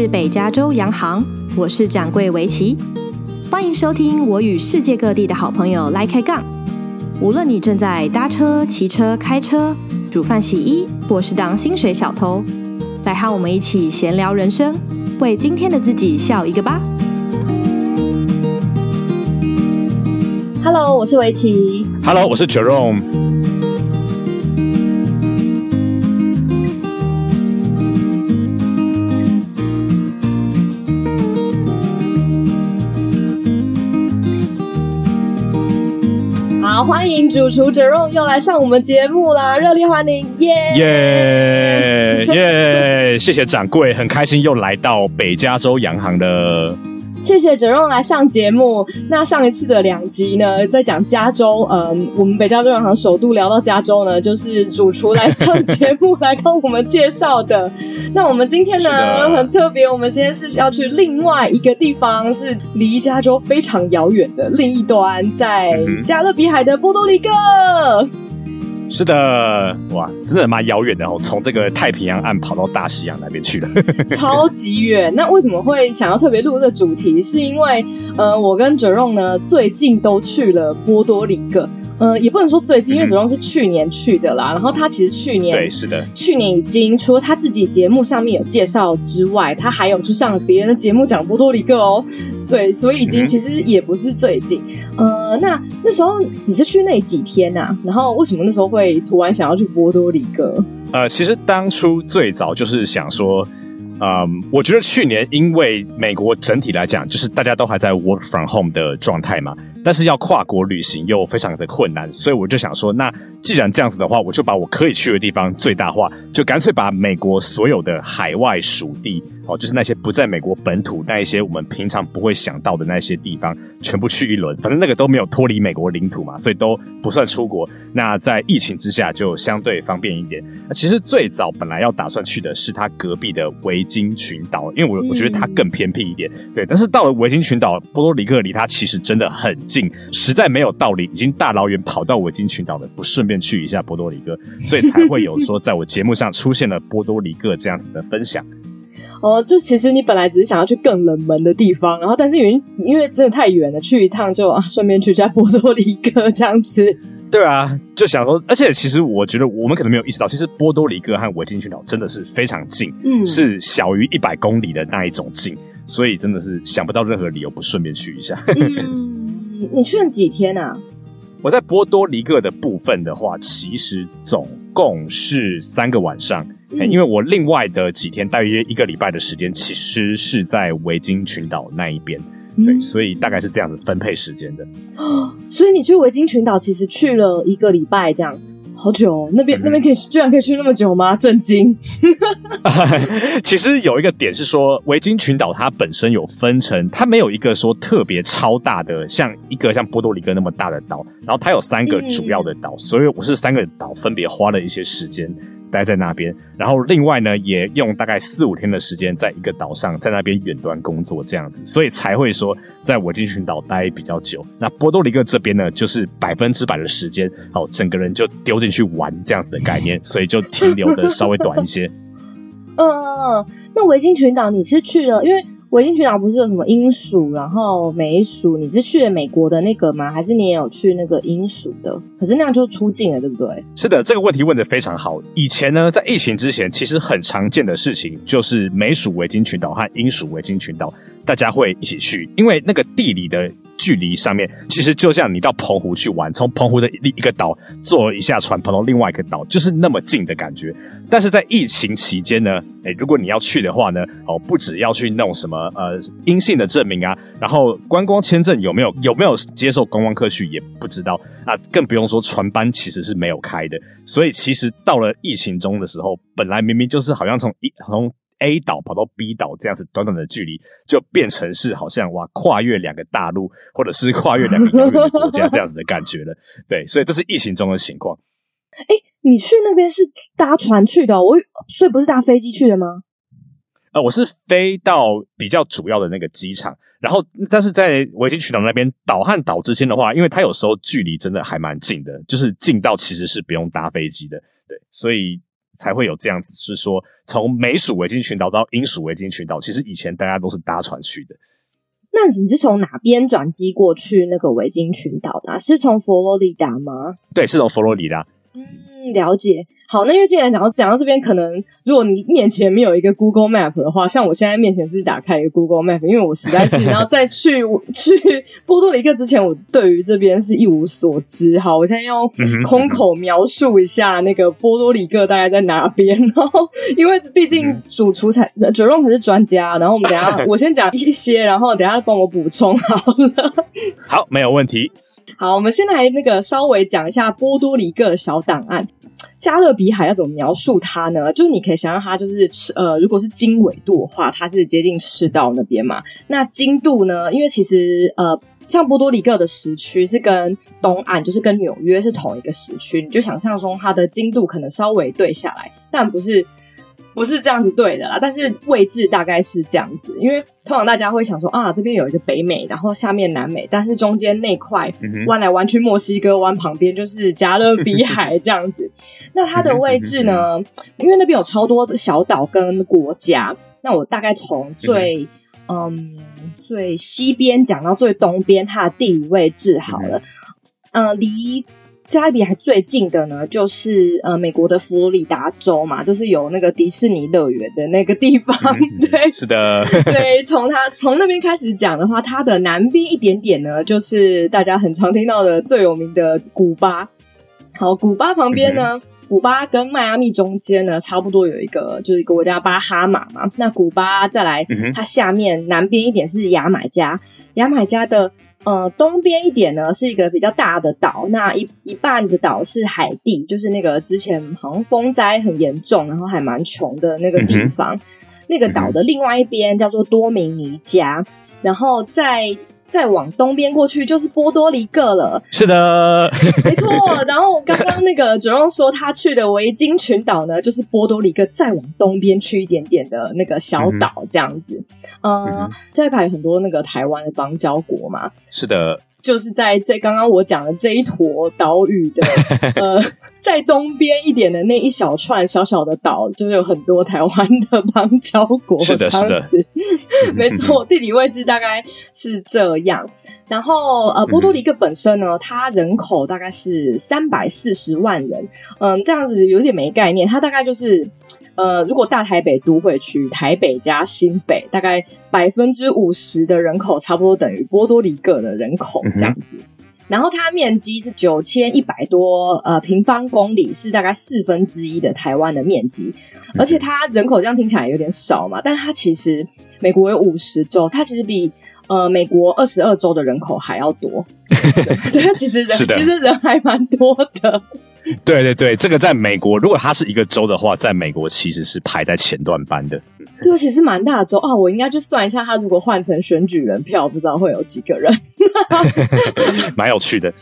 是北加州洋行，我是掌櫃薇琪，歡迎收聽我與世界各地的好朋友來開槓。無論你正在搭車、騎車、開車、煮飯、洗衣，或是當薪水小偷，來和我們一起閒聊人生，為今天的自己笑一個吧。Hello，我是薇琪。Hello，我是 Jerome。歡迎主廚 Jerome 又來上我們節目啦，熱烈歡迎，耶耶耶！謝謝掌櫃，很開心又來到北加州洋行的。謝謝 Jerome 來上節目。那上一次的兩集呢，在講加州。嗯，我們北加州洋行首度聊到加州呢，就是主廚來上節目來幫我們介紹的。那我們今天呢，很特別，我們今天是要去另外一個地方，是離加州非常遙遠的另一端，在加勒比海的波多黎各。是的，哇，真的蠻遙遠的哦，從這個太平洋岸跑到大西洋那邊去了，超級遠。 那為什麼會想要特別錄這個主題？是因為，呃，我跟 Jerome 呢最近都去了波多黎各。呃，也不能說最近，因為始終是去年去的啦，嗯。然後他其實去年，對，是的，去年已經除了他自己節目上面有介紹之外，他還有去上別人的節目講波多黎各哦。所以，所以已經其實也不是最近。嗯，呃，那那時候你是去那幾天吶，啊？然後為什麼那時候會突然想要去波多黎各？呃，其實當初最早就是想說。啊，um，我覺得去年因為美國整體來講，就是大家都還在 work from home 的狀態嘛，但是要跨國旅行又非常的困難，所以我就想說，那既然這樣子的話，我就把我可以去的地方最大化，就乾脆把美國所有的海外屬地。哦，就是那些不在美國本土，那一些我們平常不會想到的那些地方，全部去一輪。反正那個都沒有脫離美國領土嘛，所以都不算出國。那在疫情之下，就相對方便一點。那其實最早本來要打算去的是他隔壁的維京群島，因為我我覺得它更偏僻一點，嗯。對，但是到了維京群島，波多黎各離它其實真的很近，實在沒有道理，已經大老遠跑到維京群島了，不順便去一下波多黎各，所以才會有說在我節目上出現了波多黎各這樣子的分享。 哦，就其實你本來只是想要去更冷門的地方，然後但是因為因為真的太遠了，去一趟就啊，順便去一下波多黎各這樣子。對啊，就想說，而且其實我覺得我們可能沒有意識到，其實波多黎各和維京群島真的是非常近，嗯，是小於一百公里的那一種近，所以真的是想不到任何理由不順便去一下、 嗯。你去了幾天啊？我在波多黎各的部分的話，其實總。共是三個晚上，嗯，因為我另外的幾天大約一個禮拜的時間，其實是在維京群島那一邊，嗯，對，所以大概是這樣子分配時間的。所以你去維京群島，其實去了一個禮拜這樣。好久哦，那邊那邊可以，居然可以去那麼久嗎？震驚！ 其實有一個點是說，維京群島它本身有分成，它沒有一個說特別超大的，像一個像波多黎各那麼大的島，然後它有三個主要的島、嗯，所以我是三個島分別花了一些時間。待在那邊，然後另外呢，也用大概四五天的時間，在一個島上，在那邊遠端工作這樣子，所以才會說在維京群島待比較久。那波多黎各這邊呢，就是百分之百的時間，好，整個人就丟進去玩這樣子的概念，所以就停留得稍微短一些。嗯 呃，那維京群島你是去了，因為。維京群島不是有什麼英屬，然後美屬？你是去了美國的那個嗎？還是你也有去那個英屬的？可是那樣就出境了，對不對？是的，這個問題問得非常好。以前呢，在疫情之前，其實很常見的事情就是美屬維京群島和英屬維京群島。大家會一起去，因為那個地理的距離上面，其實就像你到澎湖去玩，從澎湖的一一個島坐一下船跑到另外一個島，就是那麼近的感覺。但是在疫情期間呢，欸，如果你要去的話呢，哦，不止要去弄什麼呃陰性的證明啊，然後觀光簽證有沒有有沒有接受觀光客去也不知道啊，更不用說船班其實是沒有開的。所以其實到了疫情中的時候，本來明明就是好像從一從。A 島跑到 B 島這樣子，短短的距離就變成是好像哇，跨越兩個大陸，或者是跨越兩個遙遠的國家這樣子的感覺了。對，所以這是疫情中的情況。哎，你去那邊是搭船去的，我所以不是搭飛機去的嗎？啊，我是飛到比較主要的那個機場，然後但是在維京群島那邊島和島之間的話，因為它有時候距離真的還蠻近的，就是近到其實是不用搭飛機的。對，所以。才會有這樣子，是說從美屬維京群島到英屬維京群島，其實以前大家都是搭船去的。那你是從哪邊轉機過去那個維京群島的啊？是從佛羅里達嗎？對，是從佛羅里達。嗯，了解。好，那因為既然講到講到這邊，可能如果你面前沒有一個 Google Map 的話，像我現在面前是打開一個 Google Map，因為我實在是， 然後在去去波多黎各之前，我對於這邊是一無所知。好，我現在用空口描述一下那個波多黎各大概在哪邊，然後因為畢竟主廚才 Jerome 是專家，然後我們等一下 我先講一些，然後等一下幫我補充好了。好，沒有問題。好，我們先來那個稍微講一下波多黎各的小檔案。加勒比海要怎麼描述它呢？就是你可以想象它就是赤呃，如果是經緯度的話，它是接近赤道那邊嘛。那經度呢？因為其實呃，像波多黎各的時區是跟東岸，就是跟紐約是同一個時區，你就想象中它的經度可能稍微對下來，但不是。不是這樣子，對的啦，但是位置大概是這樣子，因為通常大家會想說啊，這邊有一個北美，然後下面南美，但是中間那塊、嗯、彎來彎去墨西哥灣旁邊就是加勒比海這樣子。 那它的位置呢？嗯哼嗯哼，因為那邊有超多的小島跟國家。那我大概從最嗯，嗯，最西邊講到最東邊它的地理位置好了，嗯離。嗯離加勒比海最近的呢，就是呃美國的佛羅里達州嘛，就是有那個迪士尼樂園的那個地方。嗯、 對，是的。 對，從它從那邊開始講的話，它的南邊一點點呢，就是大家很常聽到的最有名的古巴。好，古巴旁邊呢、嗯，古巴跟邁阿密中間呢，差不多有一個就是國家巴哈馬嘛。那古巴再來，嗯、它下面南邊一點是牙買加，牙買加的。呃，東邊一點呢，是一個比較大的島，那一一半的島是海地，就是那個之前好像風災很嚴重，然後還蠻窮的那個地方。嗯、那個島的另外一邊叫做多明尼加，然後在。再往東邊過去就是波多黎各了，是的， 沒錯。然後剛剛那個 Jerome 說他去的維京群島呢，就是波多黎各再往東邊去一點點的那個小島這樣子。嗯、呃，這、嗯、一排很多那個台灣的邦交國嘛，是的。就是在這剛剛我講的這一坨島嶼的 呃，在東邊一點的那一小串小小的島，就是有很多台灣的邦交國這樣子，是的，是的，沒錯，嗯，地理位置大概是這樣。然後呃，波多黎各本身呢，它人口大概是三百四十萬人，嗯、呃，這樣子有點沒概念，它大概就是，呃，如果大台北都會區，台北加新北，大概百分之五十的人口，差不多等於波多黎各的人口這樣子。嗯、然後它面積是九千一百多呃平方公里，是大概四分之一的台灣的面積。嗯、而且它人口這樣聽起來有點少嘛，但它其實美國有五十州，它其實比呃美國二十二州的人口還要多。 對,對，其實人其實人還蠻多的。對對對，這個在美國，如果它是一個州的話，在美國其實是排在前段班的。對，其實蠻大的州啊，哦，我應該去算一下，他如果換成選舉人票，不知道會有幾個人， 蠻有趣的。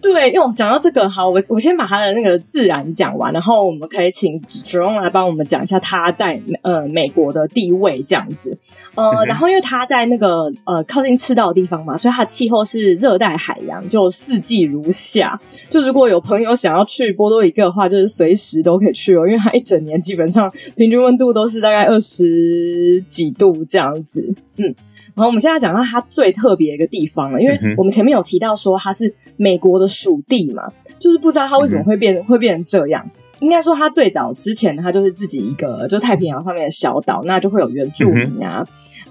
對，因為我講到這個，好，我我先把它的那個自然講完，然後我們可以請 Jerome 來幫我們講一下它在呃美國的地位這樣子，呃，然後因為它在那個呃靠近赤道的地方嘛，所以它的氣候是熱帶海洋，就四季如夏。就如果有朋友想要去波多黎各的話，就是隨時都可以去哦，因為它一整年基本上平均溫度都是大概二十幾度這樣子，嗯。然後我們現在講到它最特別的一個地方了，因為我們前面有提到說它是美國的屬地嘛，就是不知道它為什麼會變，嗯、會變成這樣。應該說它最早之前，它就是自己一個，就是太平洋上面的小島，那就會有原住民啊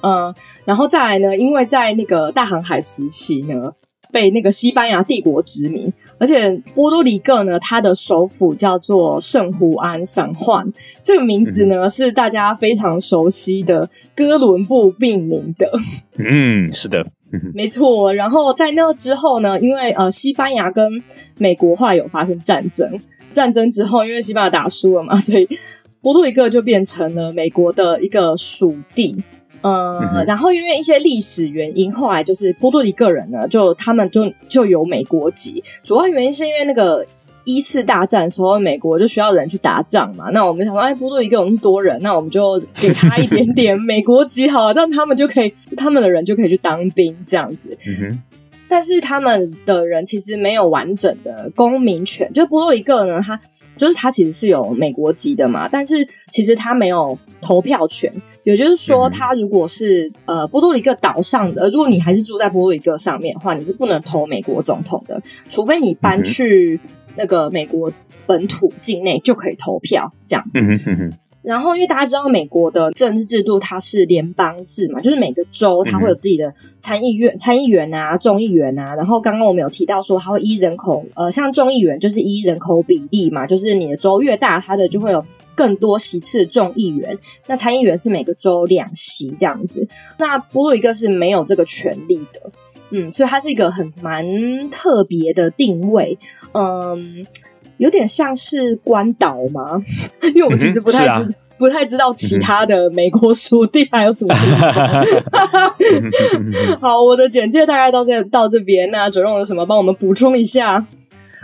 嗯，嗯，然後再來呢，因為在那個大航海時期呢，被那個西班牙帝國殖民。而且波多黎各呢，它的首府叫做聖胡安，San Juan 這個名字呢、嗯、是大家非常熟悉的哥倫布命名的。嗯，是的，嗯、沒錯。然後在那之後呢，因為呃，西班牙跟美國後來有發生戰爭，戰爭之後，因為西班牙打輸了嘛，所以波多黎各就變成了美國的一個屬地。呃、嗯嗯，然後因為一些歷史原因，後來就是波多黎各人呢，就他們就就有美國籍。主要原因是因為那個一次大戰的時候，美國就需要人去打仗嘛。那我們想說，哎，波多黎各有那麼多人，那我們就給他一點點美國籍好了，讓 他們就可以，他們的人就可以去當兵這樣子。嗯哼。但是他們的人其實沒有完整的公民權，就波多黎各人呢，他就是他其實是有美國籍的嘛，但是其實他沒有投票權。也就是說，他如果是、嗯、呃波多黎各島上的，如果你還是住在波多黎各上面的話，你是不能投美國總統的，除非你搬去那個美國本土境內就可以投票這樣子。嗯、然後，因為大家知道美國的政治制度它是聯邦制嘛，就是每個州它會有自己的參議院參、嗯、議員啊、眾議員啊。然後剛剛我們有提到說，它會依人口，呃，像眾議員就是依人口比例嘛，就是你的州越大，它的就會有。更多席次眾議員，那參議員是每個州兩席這樣子。那波多黎各是沒有這個權利的，嗯，所以它是一個很蠻特別的定位，嗯，有點像是關島嗎？因為我們其實不太知、嗯啊、不太知道其他的美國屬地還有什麼。 好，我的簡介大概到這到這邊，那主廚有什麼幫我們補充一下？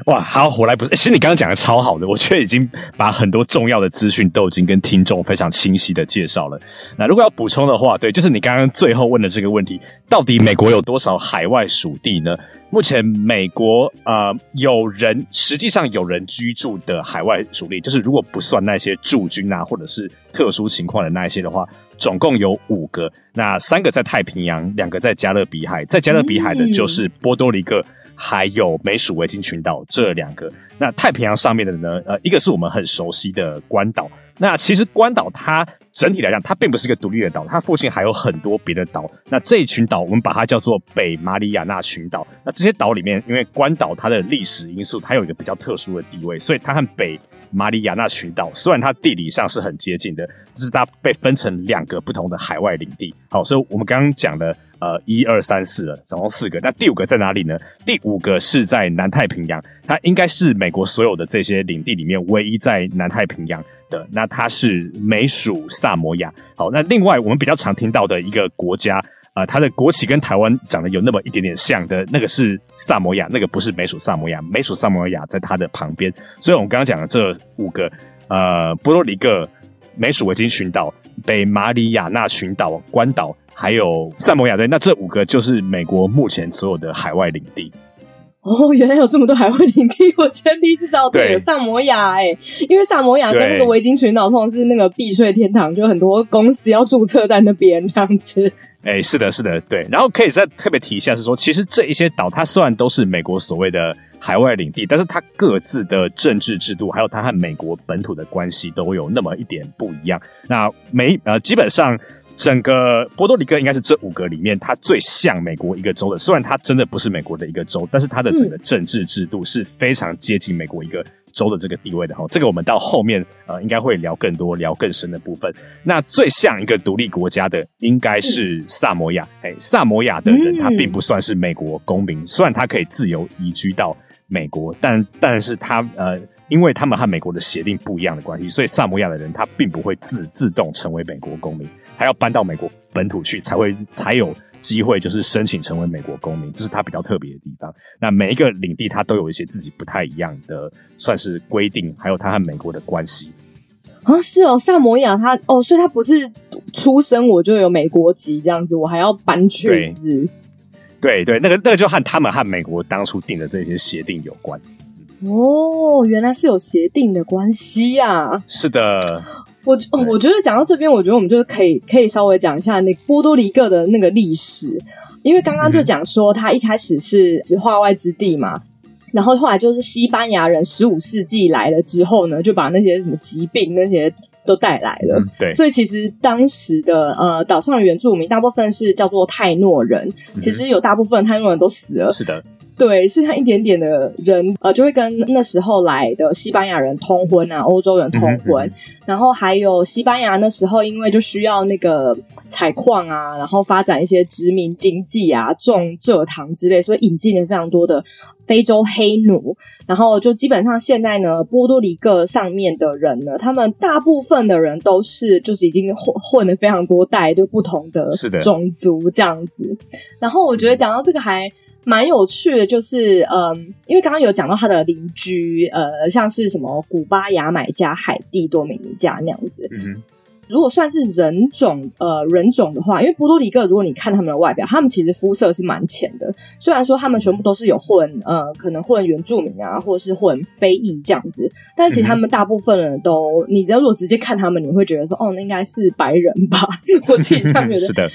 哇，好，我來補。其實你剛剛講的超好的，我覺得已經把很多重要的資訊都已經跟聽眾非常清晰的介紹了。那如果要補充的話，對，就是你剛剛最後問的這個問題，到底美國有多少海外屬地呢？目前美國呃有人實際上有人居住的海外屬地，就是如果不算那些駐軍啊或者是特殊情況的那一些的話，總共有五個。那三個在太平洋，兩個在加勒比海，在加勒比海的就是波多黎各。嗯，就是還有美屬維京群島這兩個，那太平洋上面的呢？呃，一個是我們很熟悉的關島。那其實關島它整體來講，它並不是一個獨立的島，它附近還有很多別的島。那這一群島我們把它叫做北馬里亞納群島。那這些島裡面，因為關島它的歷史因素，它有一個比較特殊的地位，所以它和北馬里亞納群島，雖然它地理上是很接近的，只是它被分成兩個不同的海外領地。好，所以我們剛剛講的。呃，一二三四了，總共四個。那第五個在哪裡呢？第五個是在南太平洋，它應該是美國所有的這些領地裡面唯一在南太平洋的。那它是美屬薩摩亞。好，那另外我們比較常聽到的一個國家啊，呃，它的國旗跟台灣長得有那麼一點點像的，那個是薩摩亞，那個不是美屬薩摩亞。美屬薩摩亞在它的旁邊。所以我們剛剛講的這五個，呃，波多黎各、美屬維京群島、北馬里亞納群島、關島。還有薩摩亞，對，那這五個就是美國目前所有的海外領地。哦，原來有這麼多海外領地，我今天第一次知道。對對，有薩摩亞哎、欸，因為薩摩亞跟那個維京群島通常是那個避稅天堂，就很多公司要註冊在那邊這樣子。哎、欸，是的，是的，對。然後可以再特別提一下是說，其實這一些島它雖然都是美國所謂的海外領地，但是它各自的政治制度，還有它和美國本土的關係都有那麼一點不一樣。那美呃，基本上。整個波多黎各應該是這五個裡面它最像美國一個州的，雖然它真的不是美國的一個州，但是它的整個政治制度是非常接近美國一個州的這個地位的哈。這個我們到後面呃應該會聊更多、聊更深的部分。那最像一個獨立國家的應該是薩摩亞，哎、欸，薩摩亞的人他並不算是美國公民，嗯、雖然他可以自由移居到美國，但但是他呃，因為他們和美國的協定不一樣的關係，所以薩摩亞的人他並不會自自動成為美國公民。還要搬到美國本土去才，才會才有機會，就是申請成為美國公民。這、就是他比較特別的地方。那每一個領地，他都有一些自己不太一樣的，算是規定，還有他和美國的關係啊、哦。是哦，薩摩亞他哦，所以他不是出生我就有美國籍這樣子，我還要搬去是是，對對，對，那個那個就和他們和美國當初訂的這些協定有關。哦，原來是有協定的關係呀、啊。是的。我我覺得講到這邊，我覺得我們就是可以可以稍微講一下那波多黎各的那個歷史，因為剛剛就講說他一開始是只化外之地嘛，然後後來就是西班牙人十五世紀來了之後呢，就把那些什麼疾病那些都帶來了，嗯，對，所以其實當時的呃島上的原住民大部分是叫做泰諾人，其實有大部分泰諾人都死了，是的。對，剩下一點點的人，呃，就會跟那時候來的西班牙人通婚啊，歐洲人通婚，嗯，然後還有西班牙那時候因為就需要那個採礦啊，然後發展一些殖民經濟啊，種蔗糖之類，所以引進了非常多的非洲黑奴。然後就基本上現在呢，波多黎各上面的人呢，他們大部分的人都是就是已經混混了非常多代，就不同的種族這樣子。然後我覺得講到這個還。蠻有趣的，就是嗯，因為剛剛有講到他的鄰居，呃，像是什麼古巴、牙買加、海地、多米尼加那樣子。嗯如果算是人種，呃，人種的話，因為波多黎各，如果你看他們的外表，他們其實膚色是蠻淺的。雖然說他們全部都是有混，呃，可能混原住民啊，或者是混非裔這樣子，但是其實他們大部分人都、嗯，你只要如果直接看他們，你會覺得說，哦，那應該是白人吧？ 我自己這樣覺得 是的，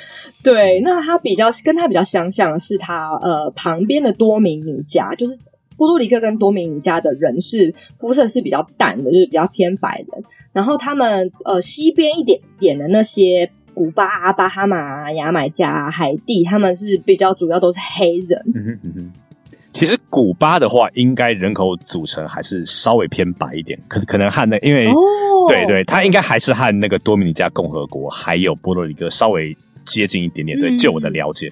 對。那他比較跟他比較相像的是他呃旁邊的多明尼加，就是。波多黎各跟多米尼加的人是膚色是比較淡的，就是比較偏白的。然後他們呃西邊一點點的那些古巴、巴哈馬、牙買加、海地，他們是比較主要都是黑人。嗯哼嗯哼、其實古巴的話，應該人口組成還是稍微偏白一點，可可能和那個，因為、哦、對，對對，它應該還是和那個多米尼加共和國還有波多黎各稍微接近一點點。對，就，嗯、我的了解。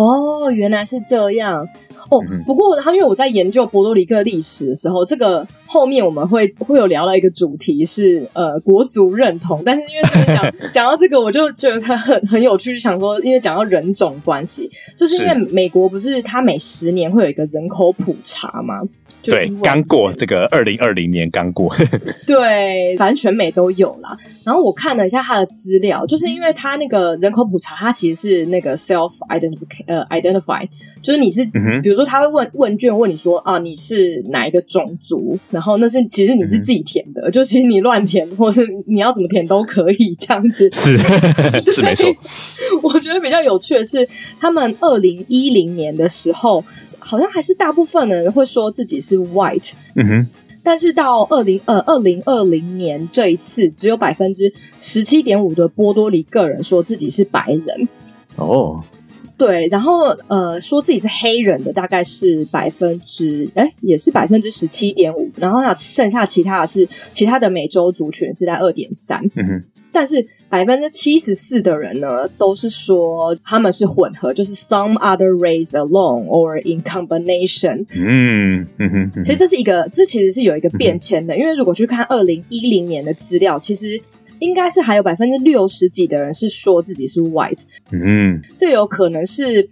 哦，原來是這樣。哦，不過他因為我在研究波多黎各歷史的時候，這個後面我們會會有聊到一個主題是呃，國族認同。但是因為這邊講講到這個，我就覺得它很很有趣，想說因為講到人種關係，就是因為美國不是他每十年會有一個人口普查嗎？對，剛過這個二零二零年剛過，對，反 正全美都有啦。然後我看了一下他的資料，就是因為他那個人口普查，他其實是那個 self identify，呃，identify，就是你是、嗯，比如說他會問問卷問你說啊，你是哪一個種族？然後那是其實你是自己填的，嗯、就其實你亂填或是你要怎麼填都可以這樣子，是， 是沒錯。我覺得比較有趣的是，他們二零一零年的時候。好像還是大部分人會說自己是 white，嗯哼，但是到二零呃二零二零年這一次，只有百分之十七點五的波多黎各人說自己是白人，哦，對，然後呃說自己是黑人的大概是百分之哎也是百分之十七點五，然後剩下其他的是其他的美洲族群是在二點三，嗯哼但是百分之七十四的人呢，都是說他們是混合，就是 some other race alone or in combination。嗯嗯。其實這是一個，這其實是有一個變遷的，呵呵因為如果去看二零一零年的資料，其實應該是還有百分之六十幾的人是說自己是 white。嗯。這有可能是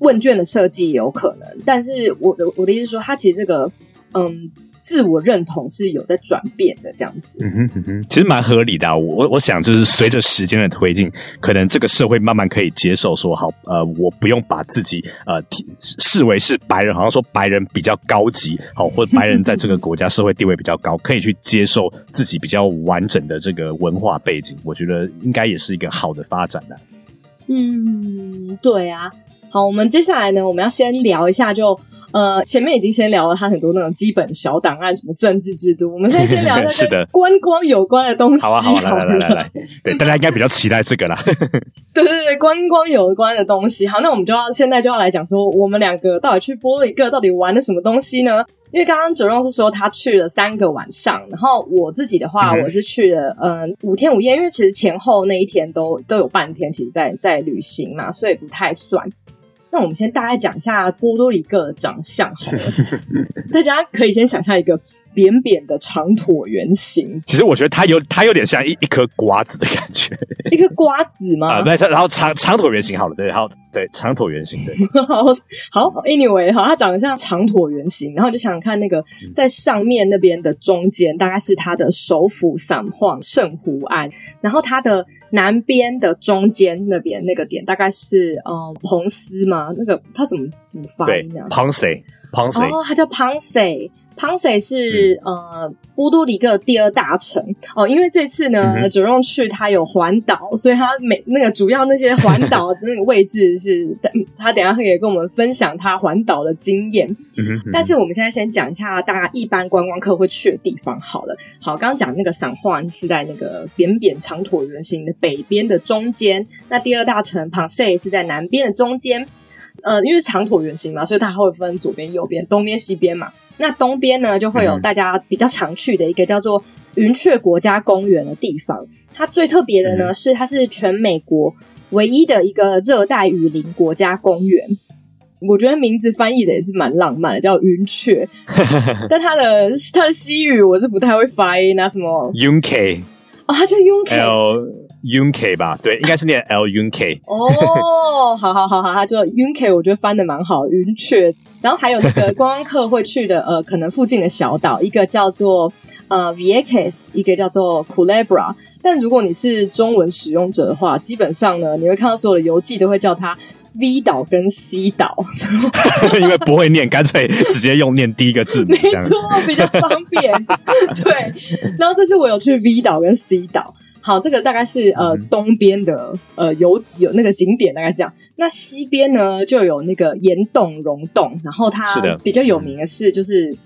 問卷的設計，也有可能。但是我的我的意思說，它其實這個嗯。自我認同是有在轉變的，這樣子。嗯哼，嗯哼，其實蠻合理的啊。我我想就是隨着時間的推進，可能這個社會慢慢可以接受說，好，呃，我不用把自己呃視為是白人，好像說白人比較高級，好，哦，或者白人在這個國家社會地位比較高， 可以去接受自己比較完整的這個文化背景。我覺得應該也是一個好的發展的。嗯，對啊。好，我們接下來呢，我們要先聊一下就，就呃，前面已經先聊了他很多那種基本小檔案，什麼政治制度，我們現在先聊一下那個觀光有關的東西好的。好啊，好啊，來來來來來， 對，大家應該比較期待這個啦。 對對對，觀光有關的東西。好，那我們就要現在就要來講說，我們兩個到底去波多黎各到底玩了什麼東西呢？因為剛剛 Jerome 是說他去了三個晚上，然後我自己的話，嗯、我是去了嗯、呃、五天五夜，因為其實前後那一天都都有半天，其實在在旅行嘛，所以不太算。那我們先大概講一下波多黎各的長相好了， 大家可以先想象一個。扁扁的長橢圓形，其實我覺得它有它有點像一一顆瓜子的感覺， 一顆瓜子嗎？啊、呃，然後長長橢圓形好了，對，然後對長橢圓形的， 好，好，anyway，好，它長得像長橢圓形，然後就想看那個、嗯、在上面那邊的中間，大概是它的首府散晃，聖胡安。然後它的南邊的中間那邊那個點，大概是呃蓬斯嘛，那個他怎麼怎麼發音呢、啊、Ponce, Ponce 哦，他叫 Ponce。Ponce 是、嗯、呃波多黎各第二大城哦，因為這次呢，Jerome 去它有環島，所以它每那個主要那些環島的那個位置是， 他等一下會也跟我們分享他環島的經驗。嗯、哼哼但是我們現在先講一下大家一般觀光客會去的地方好了。好，剛剛講那個 San Juan 是在那個扁扁長橢圓形的北邊的中間，那第二大城 Ponce 是在南邊的中間。呃，因為是長橢圓形嘛，所以它還會分左邊、右邊、東邊、西邊嘛。那東邊呢，就會有大家比較常去的一個叫做雲雀國家公園的地方。它最特別的呢，是它是全美國唯一的一個熱帶雨林國家公園。我覺得名字翻譯的也是蠻浪漫的，叫雲雀。 但它的它的西語我是不太會發音啊，那什麼 u k 啊，它叫 Yunque Yunque 吧？對，應該是念 El Yunque 哦， oh, 好好好好，它叫 Yunque 我覺得翻的蠻好，雲雀。然後還有那個觀光客會去的， 呃，可能附近的小島，一個叫做呃 v i c a s e s 一個叫做 c u l e b r a，但如果你是中文使用者的話，基本上呢，你會看到所有的遊記都會叫它 V 島跟 C 島， 因為不會念，乾脆直接用念第一個字母， 沒錯，比較方便。 對，然後這次我有去 V 島跟 C 島。好，這個大概是呃、嗯、東邊的呃有有那個景點大概是這樣，那西邊呢就有那個岩洞溶洞，然後它比較有名的是，是的就是，誒、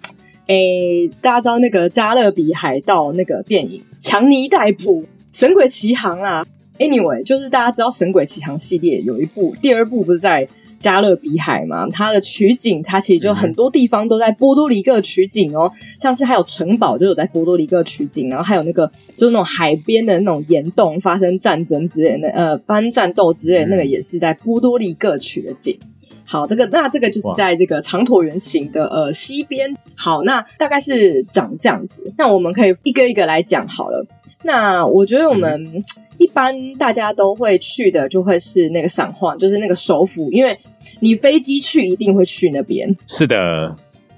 欸、大家知道那個加勒比海盜那個電影強尼戴普神鬼奇航啊，anyway 就是大家知道神鬼奇航系列有一部第二部不是在。加勒比海嘛，它的取景，它其實就很多地方都在波多黎各取景哦，嗯、像是還有城堡，就有在波多黎各取景，然後還有那個就是那種海邊的那種岩洞發生戰爭之類的，呃，翻戰鬥之類的、嗯，那個也是在波多黎各取的景。好，這個那這個就是在這個長橢圓形的呃西邊。好，那大概是長這樣子。那我們可以一個一個來講好了。那我覺得我們。嗯一般大家都會去的，就會是那個 San Juan，就是那個首府，因為你飛機去一定會去那邊。是的，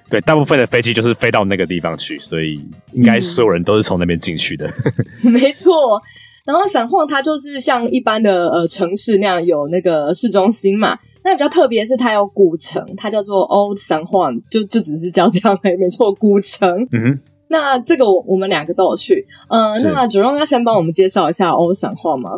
對，大部分的飛機就是飛到那個地方去，所以應該所有人都是從那邊進去的。嗯、 沒錯，然後 San Juan 它就是像一般的呃城市那樣有那個市中心嘛，那比較特別是它有古城，它叫做 Old San Juan，就就只是叫這樣的、欸、沒錯，古城。嗯哼那這個我我們兩個都有去，嗯、呃，那主廚要先幫我們介紹一下 Old San Juan 嗎？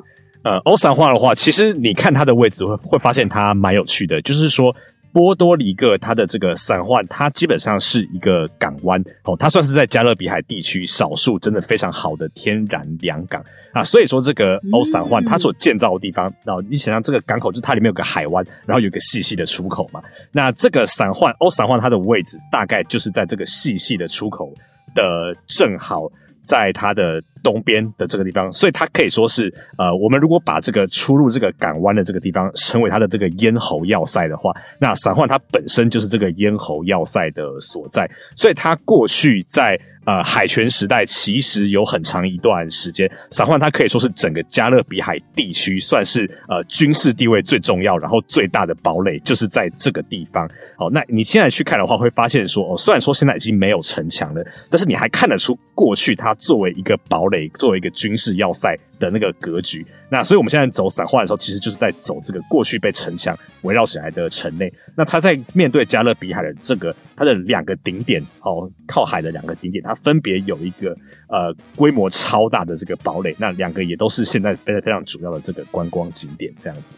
呃，Old San Juan 的話，其實你看它的位置會會發現它蠻有趣的，就是說波多黎各它的這個 San Juan，它基本上是一個港灣哦，它算是在加勒比海地區少數真的非常好的天然良港啊，所以說這個 Old San Juan，它所建造的地方，嗯、然後你想象這個港口，就是它裡面有個海灣，然後有個細細的出口嘛，那這個 San Juan、Old San Juan 它的位置大概就是在這個細細的出口。的正好在它的東邊的這個地方，所以它可以說是呃，我們如果把這個出入這個港灣的這個地方稱為它的這個咽喉要塞的話，那 San Juan 它本身就是這個咽喉要塞的所在，所以它過去在，呃，海權時代其實有很長一段時間，San Juan 它可以說是整個加勒比海地區算是呃軍事地位最重要，然後最大的堡壘就是在這個地方。好，那你現在去看的話，會發現說，哦，雖然說現在已經沒有城牆了，但是你還看得出過去它作為一個堡壘，作為一個軍事要塞。的那個格局，那所以我們現在走 San Juan 的時候，其實就是在走這個過去被城牆圍繞起來的城內。那它在面對加勒比海的這個它的兩個頂點，哦，靠海的兩個頂點，它分別有一個呃規模超大的這個堡壘。那兩個也都是現在非常非常主要的這個觀光景點，這樣子。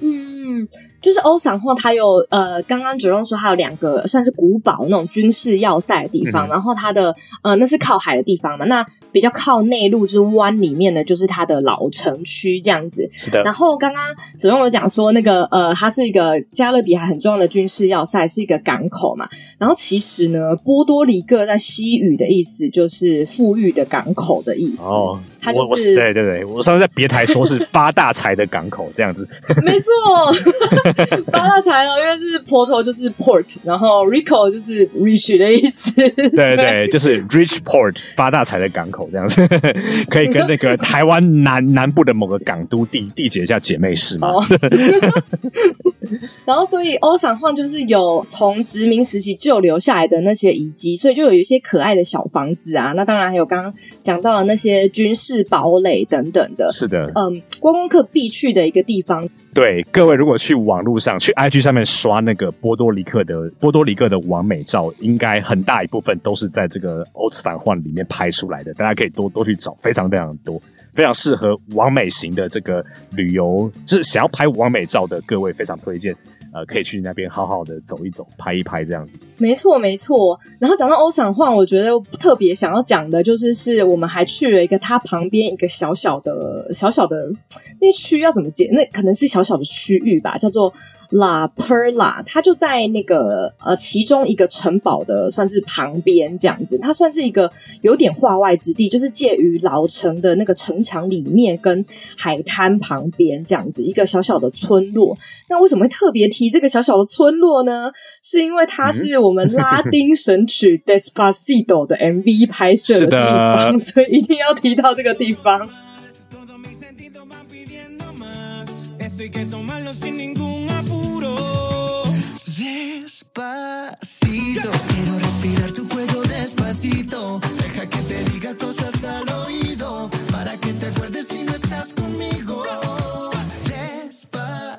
嗯。嗯，就是歐賞貨它有呃，剛剛 Jerome 說它有兩個算是古堡那種軍事要塞的地方，嗯、然後它的呃那是靠海的地方嘛，那比較靠內陸，之灣裡面呢就是它的老城區這樣子。是的。然後剛剛 Jerome 有講說那個呃，它是一個加勒比海很重要的軍事要塞，是一個港口嘛。然後其實呢，波多黎各在西語的意思就是富裕的港口的意思。哦，他就是、我我對對對，我上次在別台說是發大財的港口這樣子。 沒錯。 發大財哦，因為是 Puerto 就是 Port，然後 Rico 就是 Rich 的意思。對對，對，對，就是 Rich Port，發大財的港口這樣子， 可以跟那個台灣南南部的某個港都地締結一下姐妹市嗎？ 然後，所以 Old San Juan 就是有從殖民時期就留下來的那些遺迹，所以就有一些可愛的小房子啊。那當然還有剛剛講到的那些軍事堡壘等等的。是的，嗯，觀光客必去的一個地方。對，各位如果去網路上去 IG 上面刷那個波多黎各的波多黎各的網美照，應該很大一部分都是在這個 Old San Juan 裡面拍出來的。大家可以多多去找，非常非常多。非常適合網美型的這個旅遊，就是想要拍網美照的各位，非常推薦，呃，可以去那邊好好的走一走，拍一拍這樣子。沒錯，沒錯。然後講到 Old San Juan，我覺得我特別想要講的就是，是我們還去了一個它旁邊一個小小的、小小的那區，要怎麼解？那可能是小小的區域吧，叫做。La Perla，它就在那個呃其中一個城堡的算是旁邊這樣子，它算是一個有點化外之地，就是介於老城的那個城牆裡面跟海灘旁邊這樣子一個小小的村落。那為什麼會特別提這個小小的村落呢？是因為它是我們拉丁神曲《Despacito》的 MV 拍攝的地方的，所以一定要提到這個地方。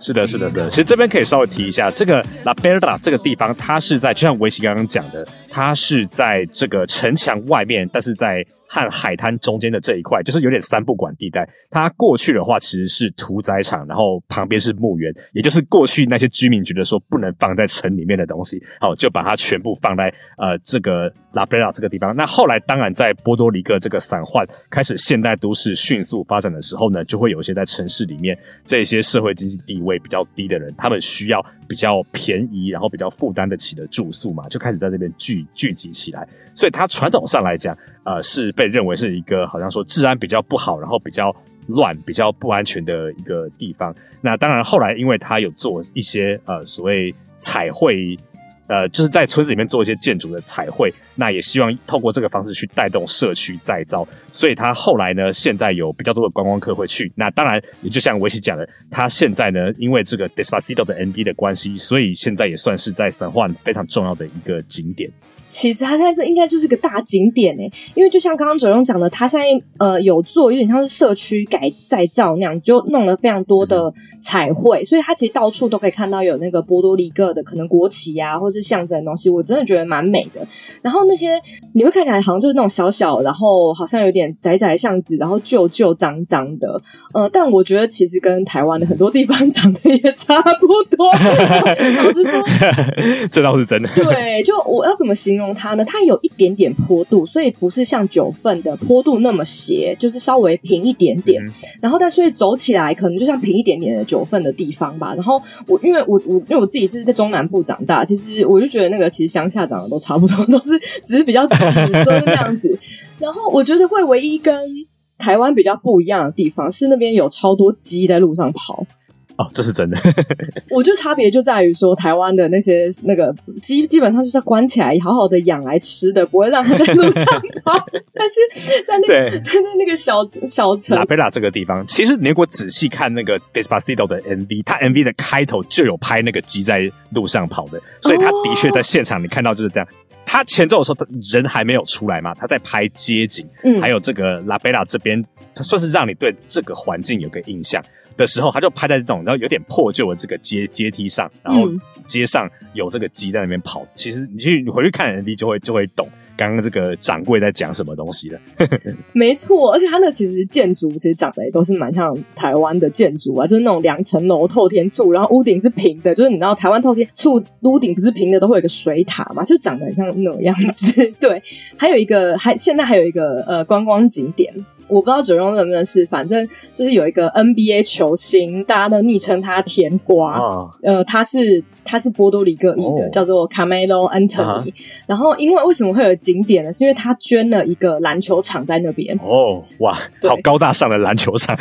是的，是的，是的。其實這邊可以稍微提一下，這個 La Perla 這個地方，它是在就像薇琪剛剛講的，它是在這個城牆外面，但是在。和海灘中間的這一塊，就是有點三不管地帶。它過去的話，其實是屠宰場，然後旁邊是墓園，也就是過去那些居民覺得說不能放在城裡面的東西，好，就把它全部放在呃這個拉佩拉這個地方。那後來當然在波多黎各這個聖胡安開始現代都市迅速發展的時候呢，就會有一些在城市裡面這些社會經濟地位比較低的人，他們需要比較便宜然後比較負擔得起的住宿嘛，就開始在這邊聚聚集起來。所以它傳統上來講，呃是。被認為是一個好像說治安比較不好，然後比較亂、比較不安全的一個地方。那當然，後來因為他有做一些呃所謂彩繪，呃，就是在村子裡面做一些建築的彩繪。那也希望透過這個方式去帶動社區再造。所以他後來呢，現在有比較多的觀光客會去。那當然，也就像薇琪講的，他現在呢，因為這個 Despacito 的 MV 的關係，所以現在也算是在 San Juan 非常重要的一個景點。其實它現在這應該就是個大景點哎、欸，因為就像剛剛哲庸講的，它現在呃有做有點像是社區改再造那樣子，就弄了非常多的彩繪，所以它其實到處都可以看到有那個波多黎各的可能國旗啊，或是是象徵的東西，我真的覺得蠻美的。然後那些你會看起來好像就是那種小小，然後好像有點窄窄巷子，然後舊舊髒髒的，呃，但我覺得其實跟台灣的很多地方長得也差不多。 老實說， 這倒是真的。對，就我要怎麼形？形容它呢，它有一點點坡度，所以不是像九份的坡度那麼斜，就是稍微平一點點。嗯、然後，但所以走起來可能就像平一點點的九份的地方吧。然後我因為我我因為我自己是在中南部長大，其實我就覺得那個其實鄉下長得都差不多，都是只是比較幾分、就是、這樣子。 然後我覺得會唯一跟台灣比較不一樣的地方是那邊有超多雞在路上跑。哦，這是真的。 我就差別就在於說，台灣的那些那個雞基本上就是要關起來，好好的養來吃的，不會讓它在路上跑。 但是在那個在那那個小小城 La Perla 這個地方，其實你如果仔細看那個 Despacito 的 MV，它 MV 的開頭就有拍那個雞在路上跑的，所以他的確在現場你看到就是這樣。他、哦、前奏的時候，人還沒有出來嘛，他在拍街景，嗯、還有這個 La Perla 這邊，它算是讓你對這個環境有個印象。的時候，他就拍在這種，然後有點破舊的這個階階梯上，然後街上有這個雞在那邊跑，嗯。其實你去你回去看人家就會就會懂剛剛這個掌櫃在講什麼東西了。 沒錯，而且他那其實建築其實長得也都是蠻像台灣的建築啊，就是那種兩層樓透天厝，然後屋頂是平的，就是你知道台灣透天厝，屋頂不是平的都會有一個水塔嘛，就長得很像那種樣子。對，還有一個還現在還有一個呃觀光景點。我不知道 Jerome 認不認識，反正就是有一個 NBA 球星，大家都昵稱他甜瓜。Oh. 呃，他是他是波多黎各裔的，oh. 叫做 Carmelo Anthony。然後，因為為什麼會有景點呢？是因為他捐了一個籃球場在那邊。哦、oh.，哇，好高大上的籃球場。